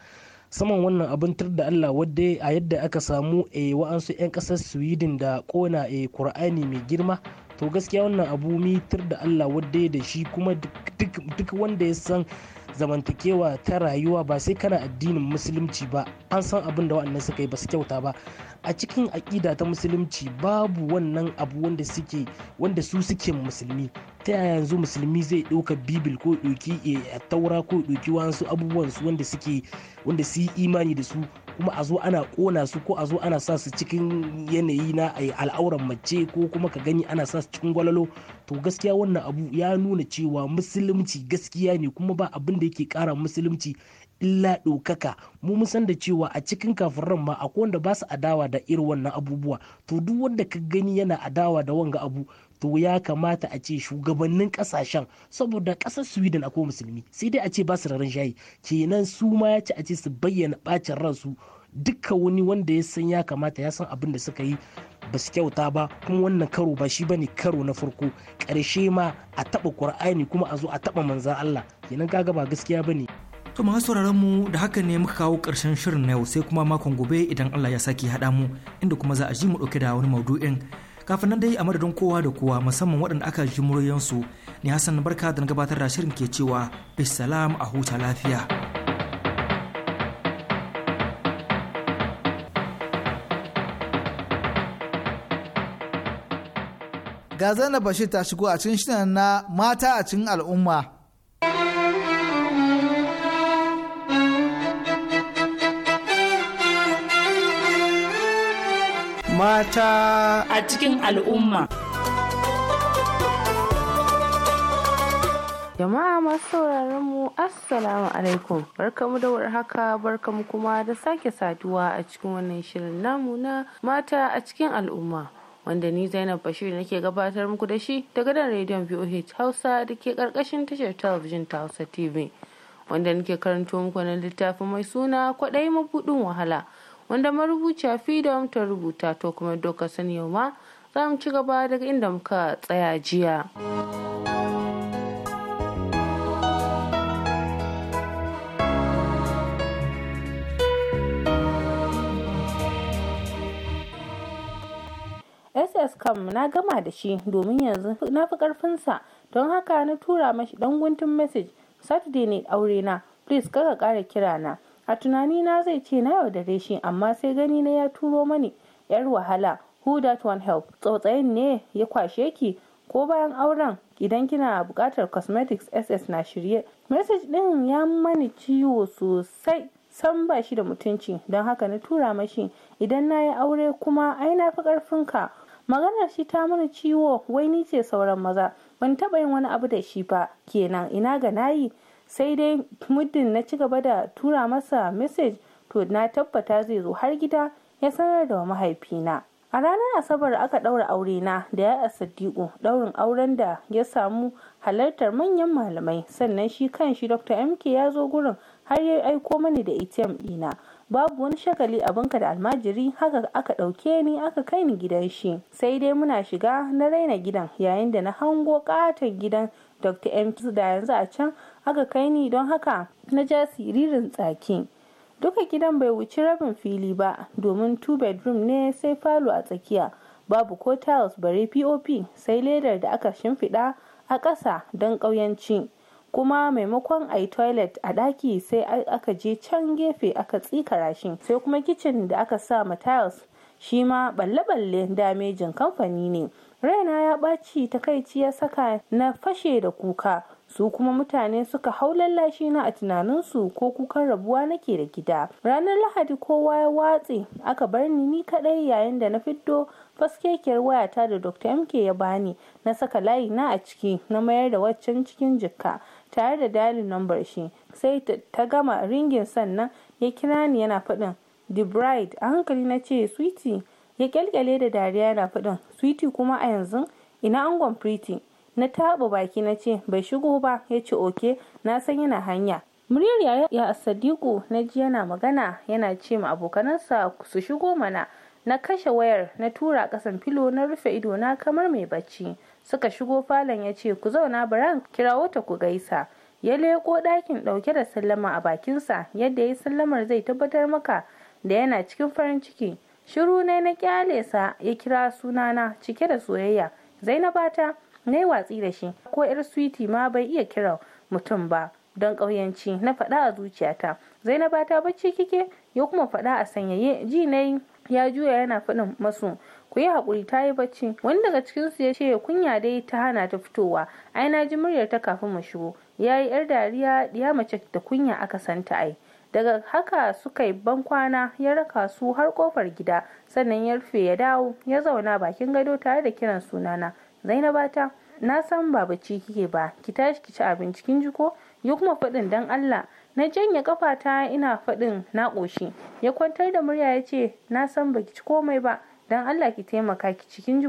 saman wannan abin tur da Allah wadda a yadda aka samu a eh, wa'ansu 'yan ƙasar Sweden da ƙona a eh, Kur'ani mai girma. To gaskiya wannan abu mitar da Allah wadda da shi kuma duk wanda ya san zamantakewa ta rayuwa ba sai kana addinin musulunci ba an san abin da wa'annan suka yi ba su kyauta ba a cikin aƙida ta musulunci babu wannan abu wanda suke wanda su suke musulmi ta yaya yanzu musulmi zai ɗauka bibil ko ɗauki eh, taura ko ɗauki wasu abubuwan su wanda suke wanda su yi imani da su kuma a zo ana ƙona su ko a zo ana sa su cikin yanayi na eh, al'auran mace ko kuma ka gani ana sa su cikin gwalalo to gaskiya wannan abu ya nuna cewa musulunci gaskiya ne kuma ba abin da yake ƙara musulunci illa ɗaukaka mu mun san da cewa a cikin ran ma akwai wanda ba su adawa da irin wannan abubuwa to duk wanda ka gani yana adawa da wanga abu to ya kamata a ce shugabannin kasashen saboda kasar sweden akwai musulmi sai dai a ce ba su raran shayi kenan su ma ya ci a ce su bayyana bacin ransu dukkan wani wanda ya san ya kamata ya san abin da suka yi ba su kyauta ba kuma wannan karo ba shi bane karo na farko ƙarshe ma a taɓa ƙur'ani kuma a zo a taɓa manzan Allah kenan kaga ba gaskiya bane To masu sauraron mu da haka ne muka kawo ƙarshen shirin na yau sai kuma makon gobe idan Allah ya sake haɗa mu inda kuma za a ji mu ɗauke da wani maudu'in. Kafin nan dai a madadin kowa da kowa musamman waɗanda aka ji muryoyinsu ne Hassan barka da na gabatar da shirin ke cewa bisalam a huta lafiya. Ga Zainab Bashir ta shigo a cikin shirin na mata a cikin al'umma. mata a cikin al'umma. Jama'a masu sauraron mu Assalamu alaikum barkamu da warhaka barkamu kuma da sake saduwa a cikin wannan shirin namu na mata a cikin al'umma. Wanda ni Zainab Bashir nake gabatar muku da shi ta gadon rediyon VOH Hausa da ke karkashin tashar talabijin ta Hausa TV. Wanda nake karanto muku na littafin mai suna kwaɗayi mabuɗin wahala. wanda marubuciya freedom ta rubuta to kuma doka sani yau ma za mu ci gaba daga inda muka tsaya jiya. ss kam na gama da shi domin yanzu na fi karfinsa don haka na tura mashi dan guntun message saturday ne aure na please kaka kara kira na a tunani na zai ce na yaudare shi amma sai gani na ya turo mani yar wahala who that one help tsautsayin ne ya kwashe ki ko bayan auren idan kina bukatar cosmetics ss na shirye message ɗin ya mani ciwo sosai san ba shi da mutunci don haka na tura mashi idan na yi aure kuma ai na fi ƙarfinka maganar shi ta mana ciwo wai ni ce sauran maza ban taɓa yin wani abu da shi ba kenan ina ga nayi sai dai muddin na ci gaba da tura masa message to na tabbata zai zo har gida ya sanar da mahaifina a ranar asabar aka ɗaura aure na da ya sadiku ɗaurin auren da ya samu halartar manyan malamai sannan shi kan shi dr mk ya zo gurin har ya aiko mani da atm ɗina babu wani shakali abinka da almajiri haka aka ɗauke ni aka kai ni gidan shi sai dai muna shiga na raina gidan yayin da na hango katon gidan dr m da yanzu a can aka kai ni don haka na ja siririn tsaki duka gidan bai wuci rabin fili ba domin two bedroom ne sai falo a tsakiya babu ko tiles bare pop sai ledar da aka shimfiɗa a ƙasa don ƙauyanci kuma maimakon a yi toilet a ɗaki sai aka je can gefe aka tsika rashin sai kuma kicin da aka sa ma tiles shi ma balle-balle damejin kamfani ne raina ya ɓaci takaici ya saka na fashe da kuka su kuma mutane suka hau lallashi na a tunaninsu ko kukan rabuwa nake da gida ranar lahadi kowa ya watse aka bar ni ni kadai yayin da na fito faskekiyar wayata da dr mk ya bani na saka layi na a ciki na mayar da waccan cikin jikka tare da dalin nambar shi sai ta gama ringin sannan ya kira ni yana faɗin the bride a hankali na ce sweetie ya kyalkyale da dariya yana faɗin sweetie kuma a yanzu ina angon pretty na taɓa baki na ce bai shigo ba ya ce oke na san yana hanya muryar ya sadiku na ji yana magana yana ce ma abokanansa su shigo mana na kashe wayar na tura kasan filo na rufe ido na kamar mai bacci suka shigo falon ya ce ku zauna biran kirawo ta ku gaisa ya leko ɗakin ɗauke da sallama a bakinsa yadda ya sallamar zai tabbatar maka da yana cikin farin ciki shiru ne na kyale sa ya kira sunana cike da soyayya zainabata na yi watsi da shi ko yar switi ma bai iya kira mutum ba don ƙauyanci na faɗa a zuciyata zainabata bacci kike ya kuma faɗa a sanyaye ji na ya juya yana faɗin masu ku yi hakuri ta yi bacci wani daga cikinsu ya ce kunya dai ta hana ta fitowa ai na ji muryar ta kafin mu shigo ya yi yar dariya ya mace da kunya aka santa ai daga haka suka yi bankwana ya raka su har kofar gida sannan ya rufe ya dawo ya zauna bakin gado tare da kiran sunana zainabata na san ba bacci kike ba ki tashi ki ci abinci kin ji ko ya kuma faɗin dan Allah na janye kafata ina faɗin na ƙoshi ya kwantar da murya ya ce na san baki ci komai ba dan Allah ki taimaka ki cikin ji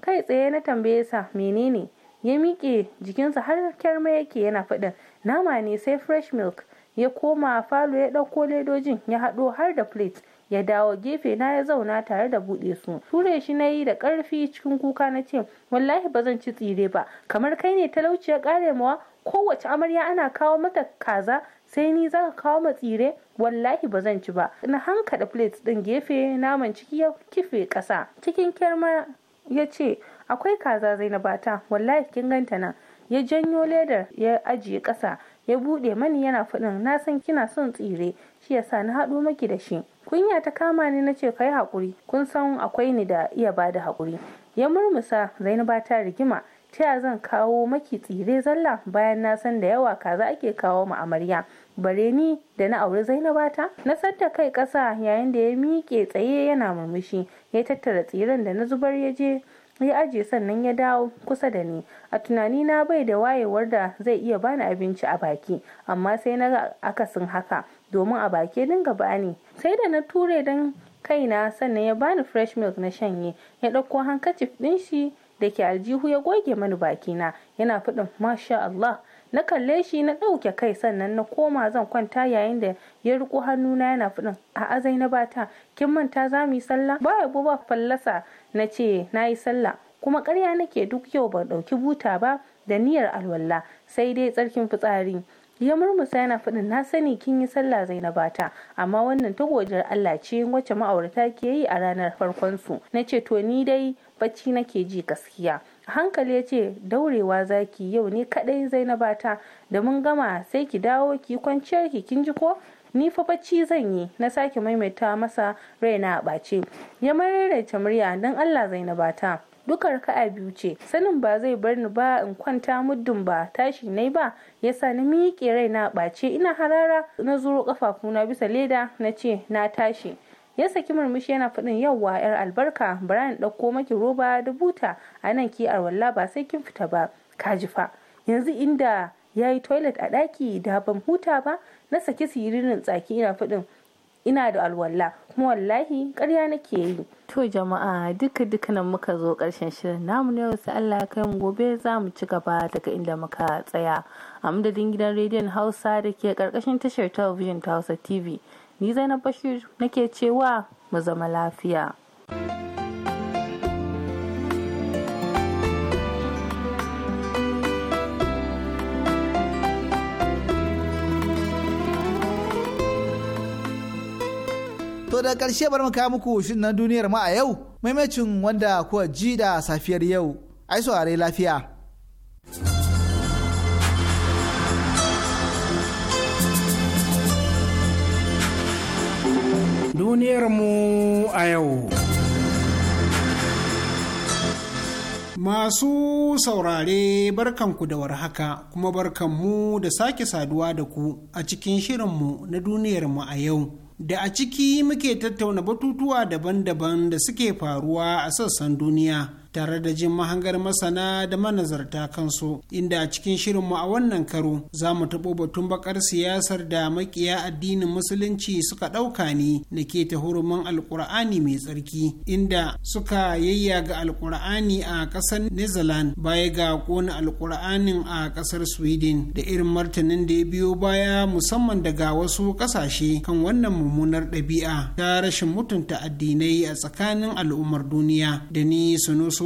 kai tsaye na tambaye sa menene ya miƙe jikinsa har kyarma yake yana faɗin nama ne sai fresh milk ya koma falo ya ɗauko ledojin ya haɗo har da plate ya dawo gefe na ya zauna tare da buɗe su ture shi na yi da ƙarfi cikin kuka na ce wallahi ba zan ci tsire ba kamar kai ne talauci ya ƙare mawa kowace amarya ana kawo mata kaza sai ni za ka kawo ma tsire wallahi ba zan ci ba na hankada plate din gefe naman ciki ya kife kasa. cikin kyarma ya ce akwai kaza zainabata wallahi kin ganta nan ya janyo ledar ya ajiye kasa. ya bude, mani yana faɗin na san kina son tsire shi yasa na haɗo maki da shi kunya ta kama ni na ce kai hakuri? kun san akwai ni da iya bada hakuri. ya murmusa Zainabata ta rigima ta zan kawo maki tsire zalla bayan na san da yawa kaza ake kawo mu amarya bare ni da na auri zainabata na sadda kai ƙasa yayin da ya miƙe tsaye yana murmushi ya tattara tsiren da na zubar ya je ya aje sannan ya dawo kusa da ni a tunani na bai da wayewar da zai iya bani abinci a baki amma sai na ga akasin haka domin a baki dinga bani sai da na ture don kaina sannan ya bani fresh milk na shanye ya ɗauko hankacif ɗin shi da ke aljihu ya goge mani bakina yana faɗin masha Allah na kalle shi na ɗauke kai sannan na koma zan kwanta yayin da ya riko hannuna yana faɗin a'a Zainabata, bata kin manta za mu yi sallah ba ya ba fallasa na ce na yi sallah kuma ƙarya nake duk yau ban ɗauki buta ba da niyyar alwala sai dai tsarkin fitsari ya murmusa yana faɗin na sani kin yi sallah Zainabata. bata amma wannan tagojar Allah ce wacce ma'aurata ke yi a ranar farkon su na ce to ni dai bacci nake ji gaskiya hankali ya ce daurewa zaki yau ne kadai zainabata da mun gama sai ki dawo ki kwanciyar ki kin ji ko ni fa bacci zan yi na sake maimaita masa raina a ɓace ya mararraita murya don allah zainabata dukar ka'a biyu ce sanin ba zai bar ni ba in kwanta muddin ba tashi na ba ya sa ni miƙe raina a ɓace ina harara na zuro ƙafafuna bisa leda na ce na tashi ya saki murmushi yana faɗin yawwa yar albarka brian ɗauko maki roba da buta a nan ki arwalla ba sai kin fita ba kaji fa yanzu inda ya yi toilet a ɗaki da ban huta ba na saki siririn tsaki ina faɗin ina da alwala kuma wallahi ƙarya nake yi to jama'a duka duka nan muka zo karshen shirin namu ne wasu Allah kai mu gobe za mu ci gaba daga inda muka tsaya a madadin gidan rediyon hausa da ke karkashin tashar television ta hausa tv ni zainab bashir nake cewa mu zama lafiya To da ƙarshe bar mu ka muku shirin na duniyar ma a yau maimacin wanda kuwa ji da safiyar yau. Ai saurare lafiya. Duniyarmu a yau. Masu saurare barkanku da warhaka kuma barkan mu da sake saduwa da ku a cikin shirinmu na duniyarmu a yau. da a ciki muke tattauna batutuwa daban-daban da suke faruwa a sassan duniya tare da jin mahangar masana da manazarta kansu inda a cikin shirinmu a wannan karo za mu taɓo batun bakar siyasar da makiya addinin musulunci suka ɗauka ne Na ke ta hurumin Alƙur'ani mai tsarki inda suka yayyaga alkur'ani a ƙasar Nezaland baya ga kona alkur'anin a ƙasar sweden da irin martanin da ya biyo baya musamman daga wasu ƙasashe kan wannan mummunar ɗabi'a ta rashin mutunta addinai a tsakanin al'ummar duniya da ni sunusu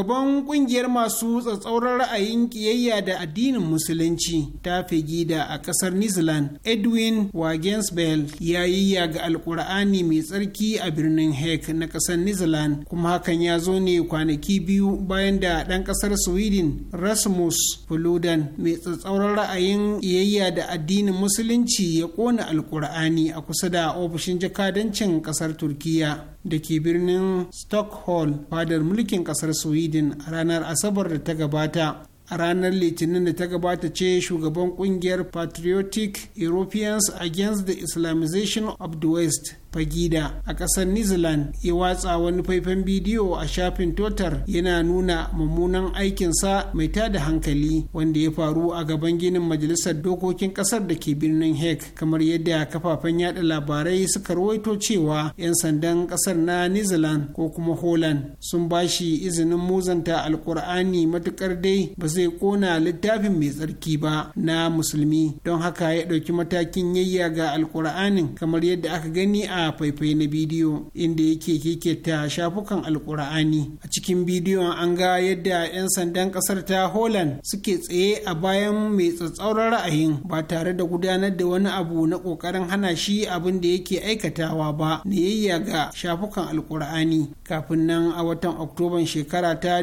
shugaban kungiyar masu tsatsauran ra'ayin kiyayya da addinin musulunci ta fegida a kasar new zealand edwin wagensbell ya yi yaga alkur'ani mai tsarki a birnin hague na kasar new zealand kuma hakan ya zo ne kwanaki biyu bayan da ɗan kasar sweden rasmus fuludan mai tsatsauran ra'ayin kiyayya da addinin musulunci ya kona alkur'ani a kusa da ofishin jakadancin kasar turkiya da ke birnin stockholm fadar mulkin kasar sweden a ranar asabar da ta gabata a ranar litinin da ta gabata ce shugaban kungiyar patriotic europeans against the islamization of the west fagida a ƙasar new zealand ya watsa wani faifan bidiyo a shafin totar yana nuna mummunan aikinsa mai tada hankali wanda ya faru a gaban ginin majalisar dokokin ƙasar da ke birnin hague kamar yadda kafafen yada labarai suka rawaito cewa 'yan sandan ƙasar na new zealand ko kuma holland sun ba shi izinin muzanta alkur'ani matukar dai ba zai kona littafin mai tsarki ba na musulmi don haka ya ɗauki matakin yayya ga alkur'anin kamar yadda aka gani a a faifai na bidiyo inda yake ta shafukan alkur'ani a cikin bidiyon an ga yadda 'yan sandan kasar ta holland suke tsaye a bayan mai tsatsauran ra'ayin ba tare da gudanar da wani abu na kokarin hana shi abin da yake aikatawa ba na yayya ga shafukan alkur'ani kafin nan a watan oktoban shekara ta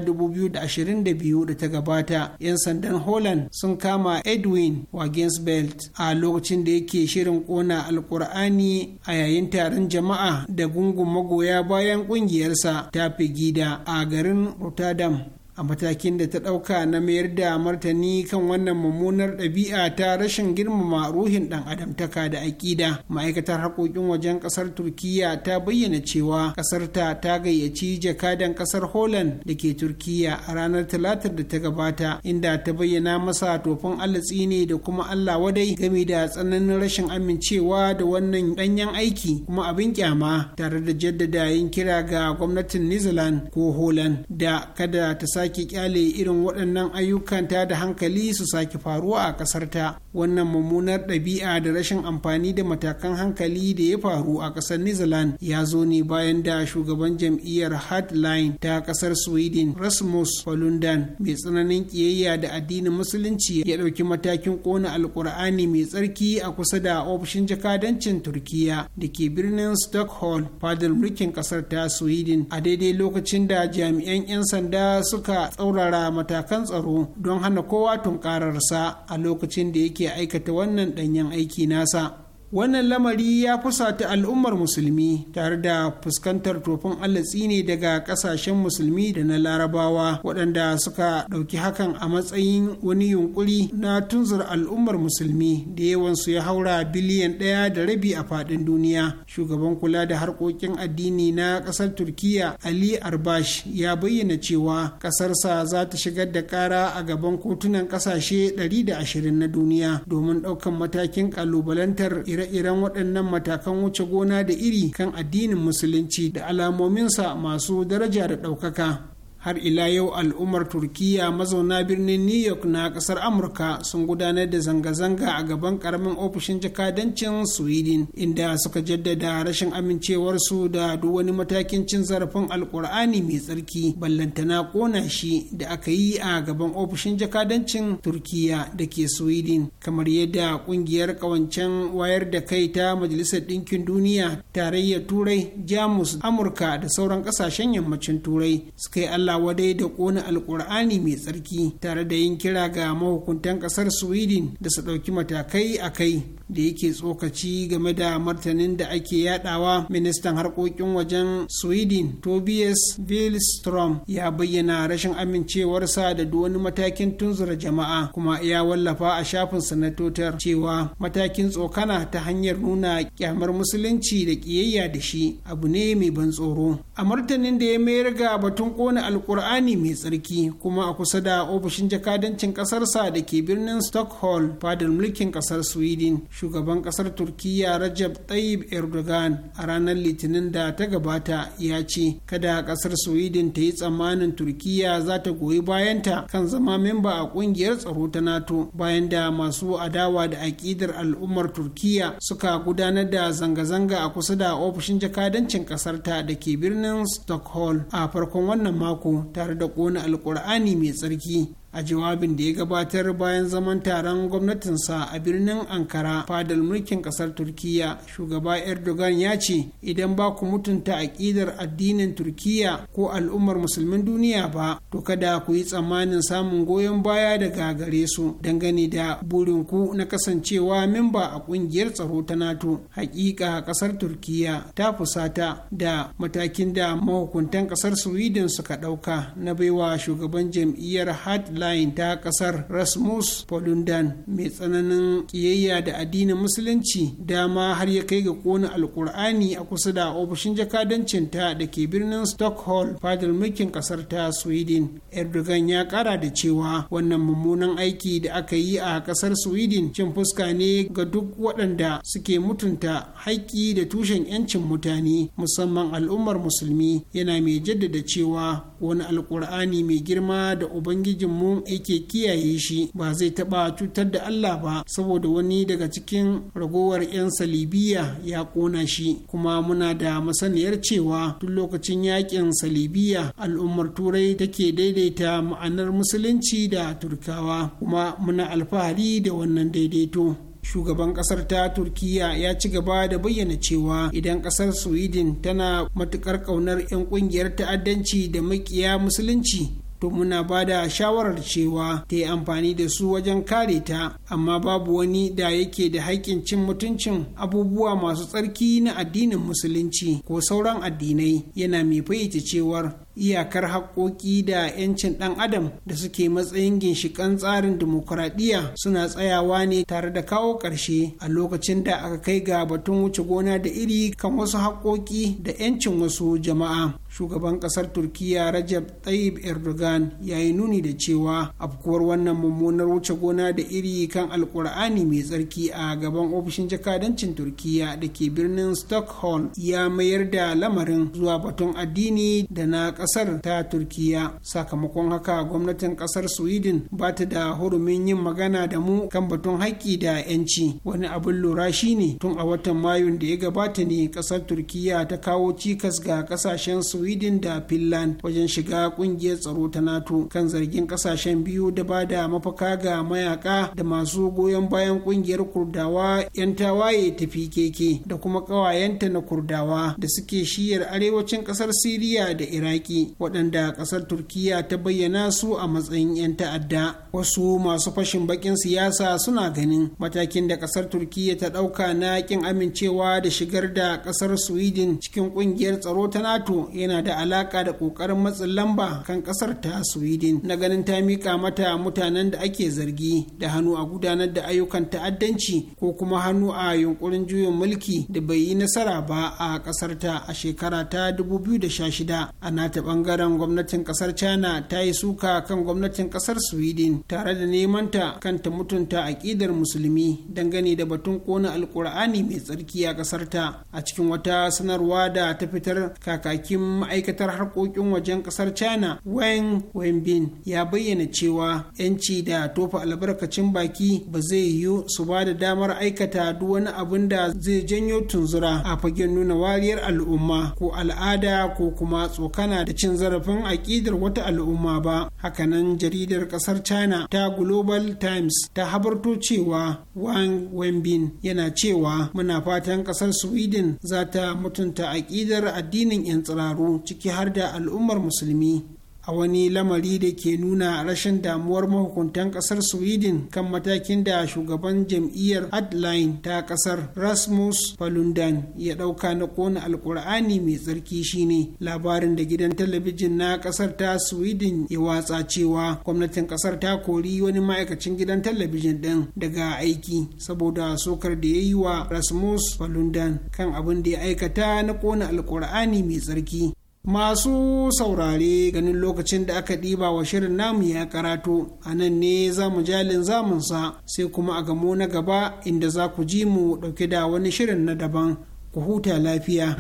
biyu da ta gabata 'yan sandan holland sun kama edwin wagensbelt a lokacin da yake shirin kona alkur'ani a yayin ta taron jama'a da gungun magoya bayan ƙungiyarsa ta fi gida a garin rotterdam a matakin da ta ɗauka na mayar da martani kan wannan mummunar ɗabi'a ta rashin girmama ruhin ɗan adamtaka da aƙida ma'aikatar haƙoƙin wajen ƙasar turkiya ta bayyana cewa ƙasar ta ta gayyaci jakadan ƙasar holland da ke turkiya a ranar talatar da ta gabata inda ta bayyana masa tofin Allah ne da kuma allah wadai game da tsananin rashin amincewa da wannan ɗanyen aiki kuma abin kyama tare da jaddada yin kira ga gwamnatin new zealand ko holland da kada ta sake sake kyale irin waɗannan ayyukanta da hankali su sake faruwa a ƙasarta wannan mummunar ɗabi'a da rashin amfani da matakan hankali da ya faru a ƙasar new zealand ya zo ne bayan da shugaban jam'iyyar hardline ta ƙasar sweden rasmus falundan mai tsananin ƙiyayya da addinin musulunci ya ɗauki matakin ƙona alƙur'ani mai tsarki a kusa da ofishin jakadancin turkiya da ke birnin stockholm fadar mulkin ƙasar ta sweden a daidai lokacin da jami'an 'yan sanda suka a tsaurara matakan tsaro don hana kowa tunkararsa a lokacin da yake aikata wannan ɗanyen aiki nasa wannan lamari ya fusata al'ummar musulmi tare da fuskantar tofin allatsi ne daga kasashen musulmi da na larabawa waɗanda suka ɗauki hakan a matsayin wani yunkuri na tunzur al'ummar musulmi da yawansu ya haura biliyan ɗaya da rabi a faɗin duniya shugaban kula da harkokin addini na ƙasar turkiya ali arbash ya bayyana cewa ƙasarsa za ta shigar da ƙara a gaban kotunan ƙasashe ɗari da ashirin na duniya domin ɗaukan matakin ƙalubalantar ire-iren waɗannan matakan wuce gona da iri kan addinin musulunci da alamominsa masu daraja da ɗaukaka har ila yau al'ummar turkiya mazauna birnin new york na kasar amurka sun gudanar da zanga-zanga a gaban karamin ofishin jakadancin sweden inda suka jaddada rashin amincewarsu da duk wani matakin cin zarafin alkur'ani mai tsarki ballantana kona shi da aka yi a gaban ofishin jakadancin turkiya da ke sweden kamar yadda kungiyar kawancen wayar da kai ta majalisar ɗinkin duniya tarayyar turai jamus amurka da sauran ƙasashen yammacin turai suka yi allah Allah wadai da kona alkur'ani mai tsarki tare da yin kira ga mahukuntan kasar sweden da su ɗauki matakai a kai da yake tsokaci game da martanin da ake yadawa ministan harkokin wajen sweden tobias billstrom ya bayyana rashin amincewarsa da duk wani matakin tunzura jama'a kuma ya wallafa a shafin sanatotar cewa matakin tsokana ta hanyar nuna kyamar musulunci da kiyayya da shi abu ne mai ban tsoro a martanin da ya mayar ga batun kona alkur'ani mai tsarki kuma a kusa da ofishin jakadancin ƙasarsa da ke birnin stockholm fadar mulkin ƙasar sweden shugaban ƙasar turkiyya rajab tayyib erdogan a ranar litinin da ta gabata ya ce kada ƙasar sweden ta yi tsammanin turkiyya za ta goyi bayanta kan zama memba a ƙungiyar tsaro ta nato bayan da masu adawa da aƙidar al'ummar turkiyya suka gudanar da zanga-zanga a kusa da ofishin jakadancin ƙasarta da ke birnin stockholm a farkon wannan mako farko tare da ƙona alkur'ani mai tsarki a jawabin da ya gabatar bayan zaman taron gwamnatinsa a birnin ankara fadar mulkin kasar turkiya shugaba erdogan ya ce idan ba ku mutunta aƙidar addinin turkiya ko al'ummar musulmin duniya ba to kada ku yi tsammanin samun goyon baya daga gare su dangane da burinku na kasancewa memba a ƙungiyar tsaro ta nato hakika kasar turkiya ta fusata da matakin da mahukuntan kasar sweden suka ɗauka na baiwa shugaban jam'iyyar had layin ta kasar rasmus polundan mai tsananin kiyayya da addinin musulunci dama har ya kai ga kona alkur'ani a kusa da ofishin jakadancinta da ke birnin stockholm fadar mulkin kasar ta sweden erdogan ya kara da cewa wannan mummunan aiki da aka yi a kasar sweden cin fuska ne ga duk waɗanda suke mutunta haƙƙi da tushen 'yancin mutane musamman al'ummar musulmi yana mai jaddada cewa wani alkur'ani mai girma da ubangijin ubangijinmu mutum yake kiyaye shi ba zai taɓa cutar da Allah ba saboda wani daga cikin ragowar 'yan salibiya ya ƙona shi kuma muna da masaniyar cewa tun lokacin yakin salibiya al'ummar turai take daidaita ma'anar musulunci da turkawa kuma muna alfahari da wannan daidaito shugaban kasar ta turkiya ya ci gaba da bayyana cewa idan kasar sweden tana matukar kaunar 'yan kungiyar ta'addanci da makiya musulunci to muna ba da shawarar cewa ta yi amfani da su wajen kare ta amma babu wani da yake da haƙƙin cin mutuncin abubuwa masu tsarki na addinin musulunci ko sauran addinai yana mai fayyace cewar iyakar haƙƙoƙi da 'yancin ɗan adam da suke matsayin ginshiƙan tsarin dimokuraɗiyya suna tsayawa ne tare da kawo ƙarshe a lokacin da aka kai ga batun wuce gona da iri kan wasu haƙƙoƙi da 'yancin wasu jama'a shugaban kasar turkiya rajab tayyip erdogan ya yi nuni da cewa afkuwar wannan mummunar wuce gona da iri kan alkur'ani mai tsarki a gaban ofishin jakadancin turkiya da ke birnin stockholm ya mayar da lamarin zuwa batun addini da na kasar ta turkiya sakamakon haka gwamnatin kasar sweden ba ta da hurumin yin magana da mu kan batun haƙƙi da 'yanci wani abin lura shine tun a watan mayun da ya gabata ne kasar turkiya ta kawo cikas ga kasashen sweden sweden da finland wajen shiga kungiyar tsaro ta nato kan zargin kasashen biyu da ba da mafaka ga mayaka da masu goyon bayan kungiyar kurdawa 'yan tawaye ta pkk da kuma kawayenta na kurdawa da suke shiyar arewacin kasar siriya da iraki waɗanda kasar turkiya ta bayyana su a matsayin 'yan ta'adda wasu masu fashin bakin siyasa suna ganin matakin da kasar turkiya ta ɗauka na kin amincewa da shigar da kasar sweden cikin kungiyar tsaro ta nato yana Ana da alaka da kokarin matsin lamba kan kasar ta sweden na ganin ta mika mata mutanen da ake zargi da hannu a gudanar da ayyukan ta'addanci ko kuma hannu a yunkurin juyin mulki da bai yi nasara ba a kasar ta a shekara ta 2016 a nata bangaren gwamnatin kasar china ta yi suka kan gwamnatin kasar sweden tare da neman ta kanta mutunta aƙidar musulmi dangane da batun kona alkur'ani mai tsarki a kasar ta a cikin wata sanarwa da ta fitar kakakin ma'aikatar harkokin wajen kasar china wang wenbin ya bayyana cewa yanci da tofa albarkacin baki ba zai yiwu su ba da damar aikata duk wani abin da zai janyo tunzura a fagen nuna wariyar al'umma ko al'ada ko kuma tsokana da cin zarafin aƙidar wata al'umma ba hakanan jaridar kasar china ta global times ta habarto cewa wang wenbin yana cewa muna fatan kasar sweden za ta mutunta aƙidar addinin 'yan tsiraru ciki har da al'ummar musulmi a wani lamari da ke nuna rashin damuwar mahukuntan kasar sweden kan matakin da shugaban jam'iyyar hardline ta kasar rasmus falundan ya dauka na kona alkur'ani mai tsarki shine labarin da gidan talabijin na kasar ta sweden ya watsa cewa gwamnatin kasar ta kori wani ma'aikacin gidan talabijin ɗin daga aiki saboda sokar da ya yi wa rasmus falundan kan abin da ya aikata na kona alkur'ani mai tsarki Masu saurare ganin lokacin da aka ɗiba wa shirin namu ya karatu a nan ne za mu jalin zamunsa sai kuma a gamo na gaba inda za ku ji mu ɗauke da wani shirin na daban ku huta lafiya.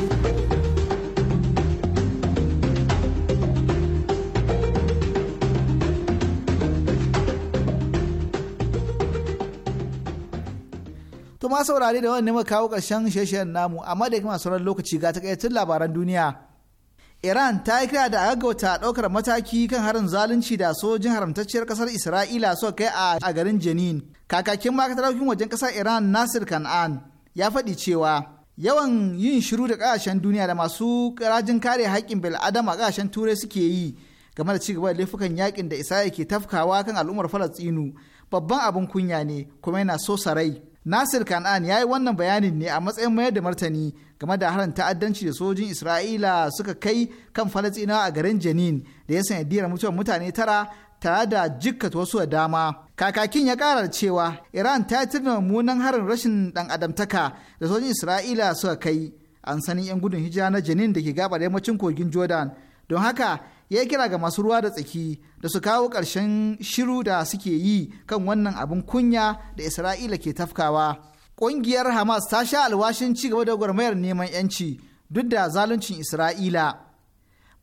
To ma saurare da wannan muka kawo ƙarshen shirye namu amma da kuma sauran lokaci ga takaitun labaran duniya. Iran ta yi kira da gaggauta ɗaukar mataki kan harin zalunci da sojin haramtacciyar kasar Isra'ila suka kai a garin Jenin. Kakakin ta daukin wajen ƙasar Iran Nasir Kan'an ya faɗi cewa yawan yin shiru da ƙasashen duniya da masu rajin kare haƙƙin bel'adama a ƙasashen turai suke yi game da cigaba da laifukan yaƙin da Isra'ila ke tafkawa kan al'ummar Falastinu babban abin kunya ne kuma yana so sarai. Nasir Kan'an ya yi wannan bayanin ne a matsayin mayar da martani game da harin ta'addanci da sojin Isra'ila suka kai kan Falasɗinawa a garin Janin da ya sanadiyar mutuwar mutane tara tare da jikkata wasu da dama. Kakakin ya ƙara cewa Iran ta tuna mummunan harin rashin ɗan adamtaka da sojin Isra'ila suka kai an sanin 'yan gudun hijira na Janin da ke gabar yammacin kogin Jordan. Don haka ya kira ga masu ruwa da tsaki da su kawo ƙarshen shiru da suke yi kan wannan abin kunya da Isra'ila ke tafkawa. ƙungiyar Hamas ta sha alwashin ci gaba da gwarmayar neman 'yanci duk da zaluncin Isra'ila.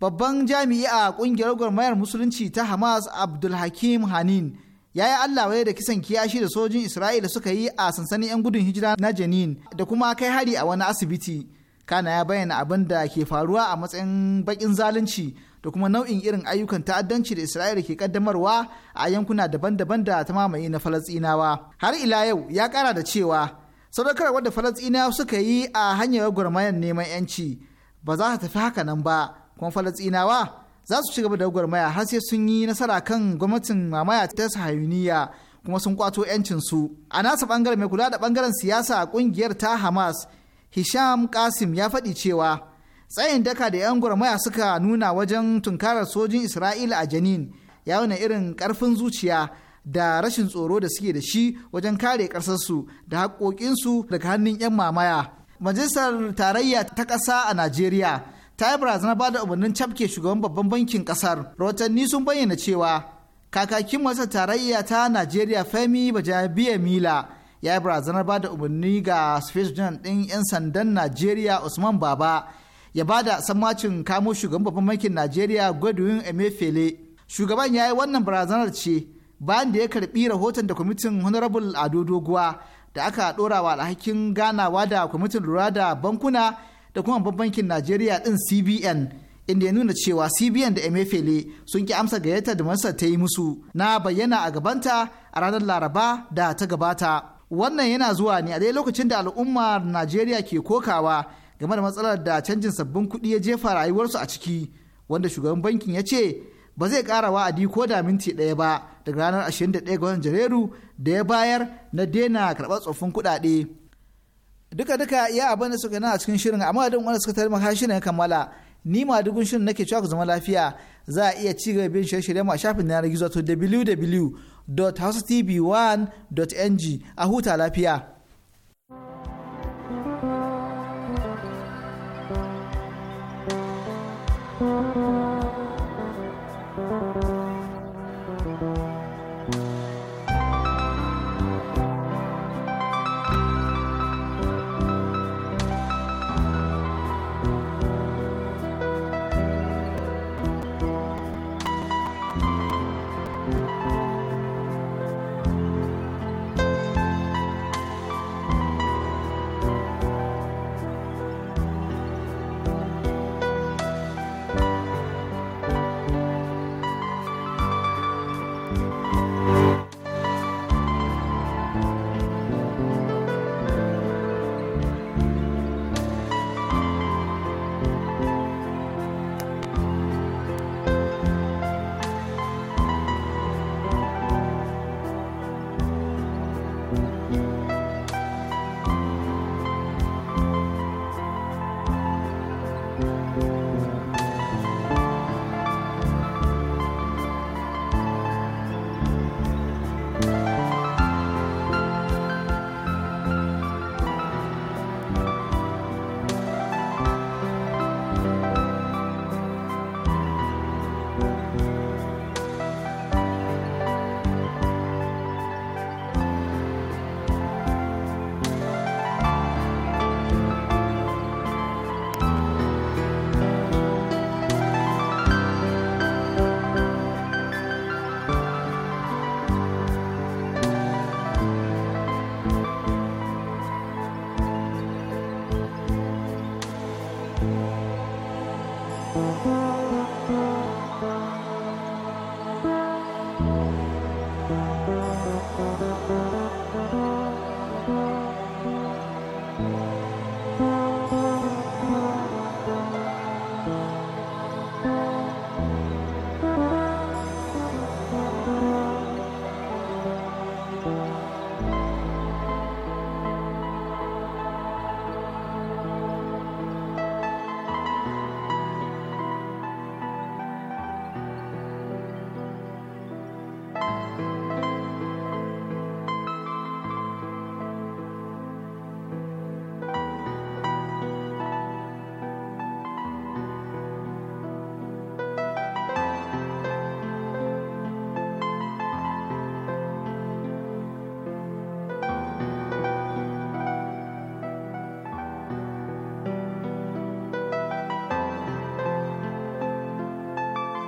Babban jami'i a ƙungiyar gwarmayar musulunci ta Hamas Abdulhakim Hanin ya yi Allah da kisan kiyashi da sojin Isra'ila suka yi a sansanin 'yan gudun hijira na Janin da kuma kai hari a wani asibiti. Kana ya bayyana abin da ke faruwa a matsayin baƙin zalunci da kuma nau'in irin ayyukan ta'addanci da Isra'ila ke kaddamarwa a yankuna daban-daban da ta mamaye na Falasɗinawa. Har ila yau ya ƙara da cewa sadaukarwar da falasɗinawa suka yi a hanyar gwarmayar neman yanci ba za ta tafi haka nan ba kuma falasɗinawa za su ci gaba da gwarmaya har sai sun yi nasara kan gwamnatin mamaya ta sahayuniya kuma sun kwato yancinsu a nasa bangaren mai kula da bangaren siyasa a kungiyar ta hamas hisham kasim ya faɗi cewa tsayin daka da 'yan gwarmaya suka nuna wajen tunkarar sojin isra'ila a janin ya wuna irin karfin zuciya da rashin tsoro da suke da shi wajen kare ƙasarsu da haƙoƙinsu daga hannun 'yan mamaya. Majalisar Tarayya ta ƙasa a Najeriya ta yi barazana ba da umarnin cafke shugaban babban bankin ƙasar. Rahotanni sun bayyana cewa kakakin masar tarayya ta Najeriya Femi Bajabiya Mila ya yi barazanar ba da umarni ga Space Jam ɗin 'yan sandan Najeriya Usman Baba ya ba da sammacin kamo shugaban babban bankin Najeriya Godwin Emefiele. Shugaban ya yi wannan barazanar ce bayan da ya karbi rahoton da kwamitin honorable ado doguwa da aka dorawa alhakin ganawa da kwamitin lura da bankuna da kuma bankin najeriya din cbn inda ya nuna cewa cbn da emefele sun ki amsa gayyata da masa ta yi musu na bayyana a gabanta a ranar laraba da ta gabata wannan yana zuwa ne a dai lokacin da al'ummar najeriya ke kokawa game da matsalar da canjin sabbin kuɗi ya jefa rayuwarsu a ciki wanda shugaban bankin ya ce ba zai ƙara wa'adi ko da minti ɗaya ba daga ranar 21 ga watan Janairu da ya bayar na dena karɓar tsoffin kuɗaɗe. Duka duka ya abin da suka na a cikin shirin amma duk wanda suka maka shirin ya kammala ni ma dugun shirin nake cewa ku zama lafiya za a iya ci gaba bin shirye-shirye a shafin yanar gizo to www.housetv1.ng a huta lafiya.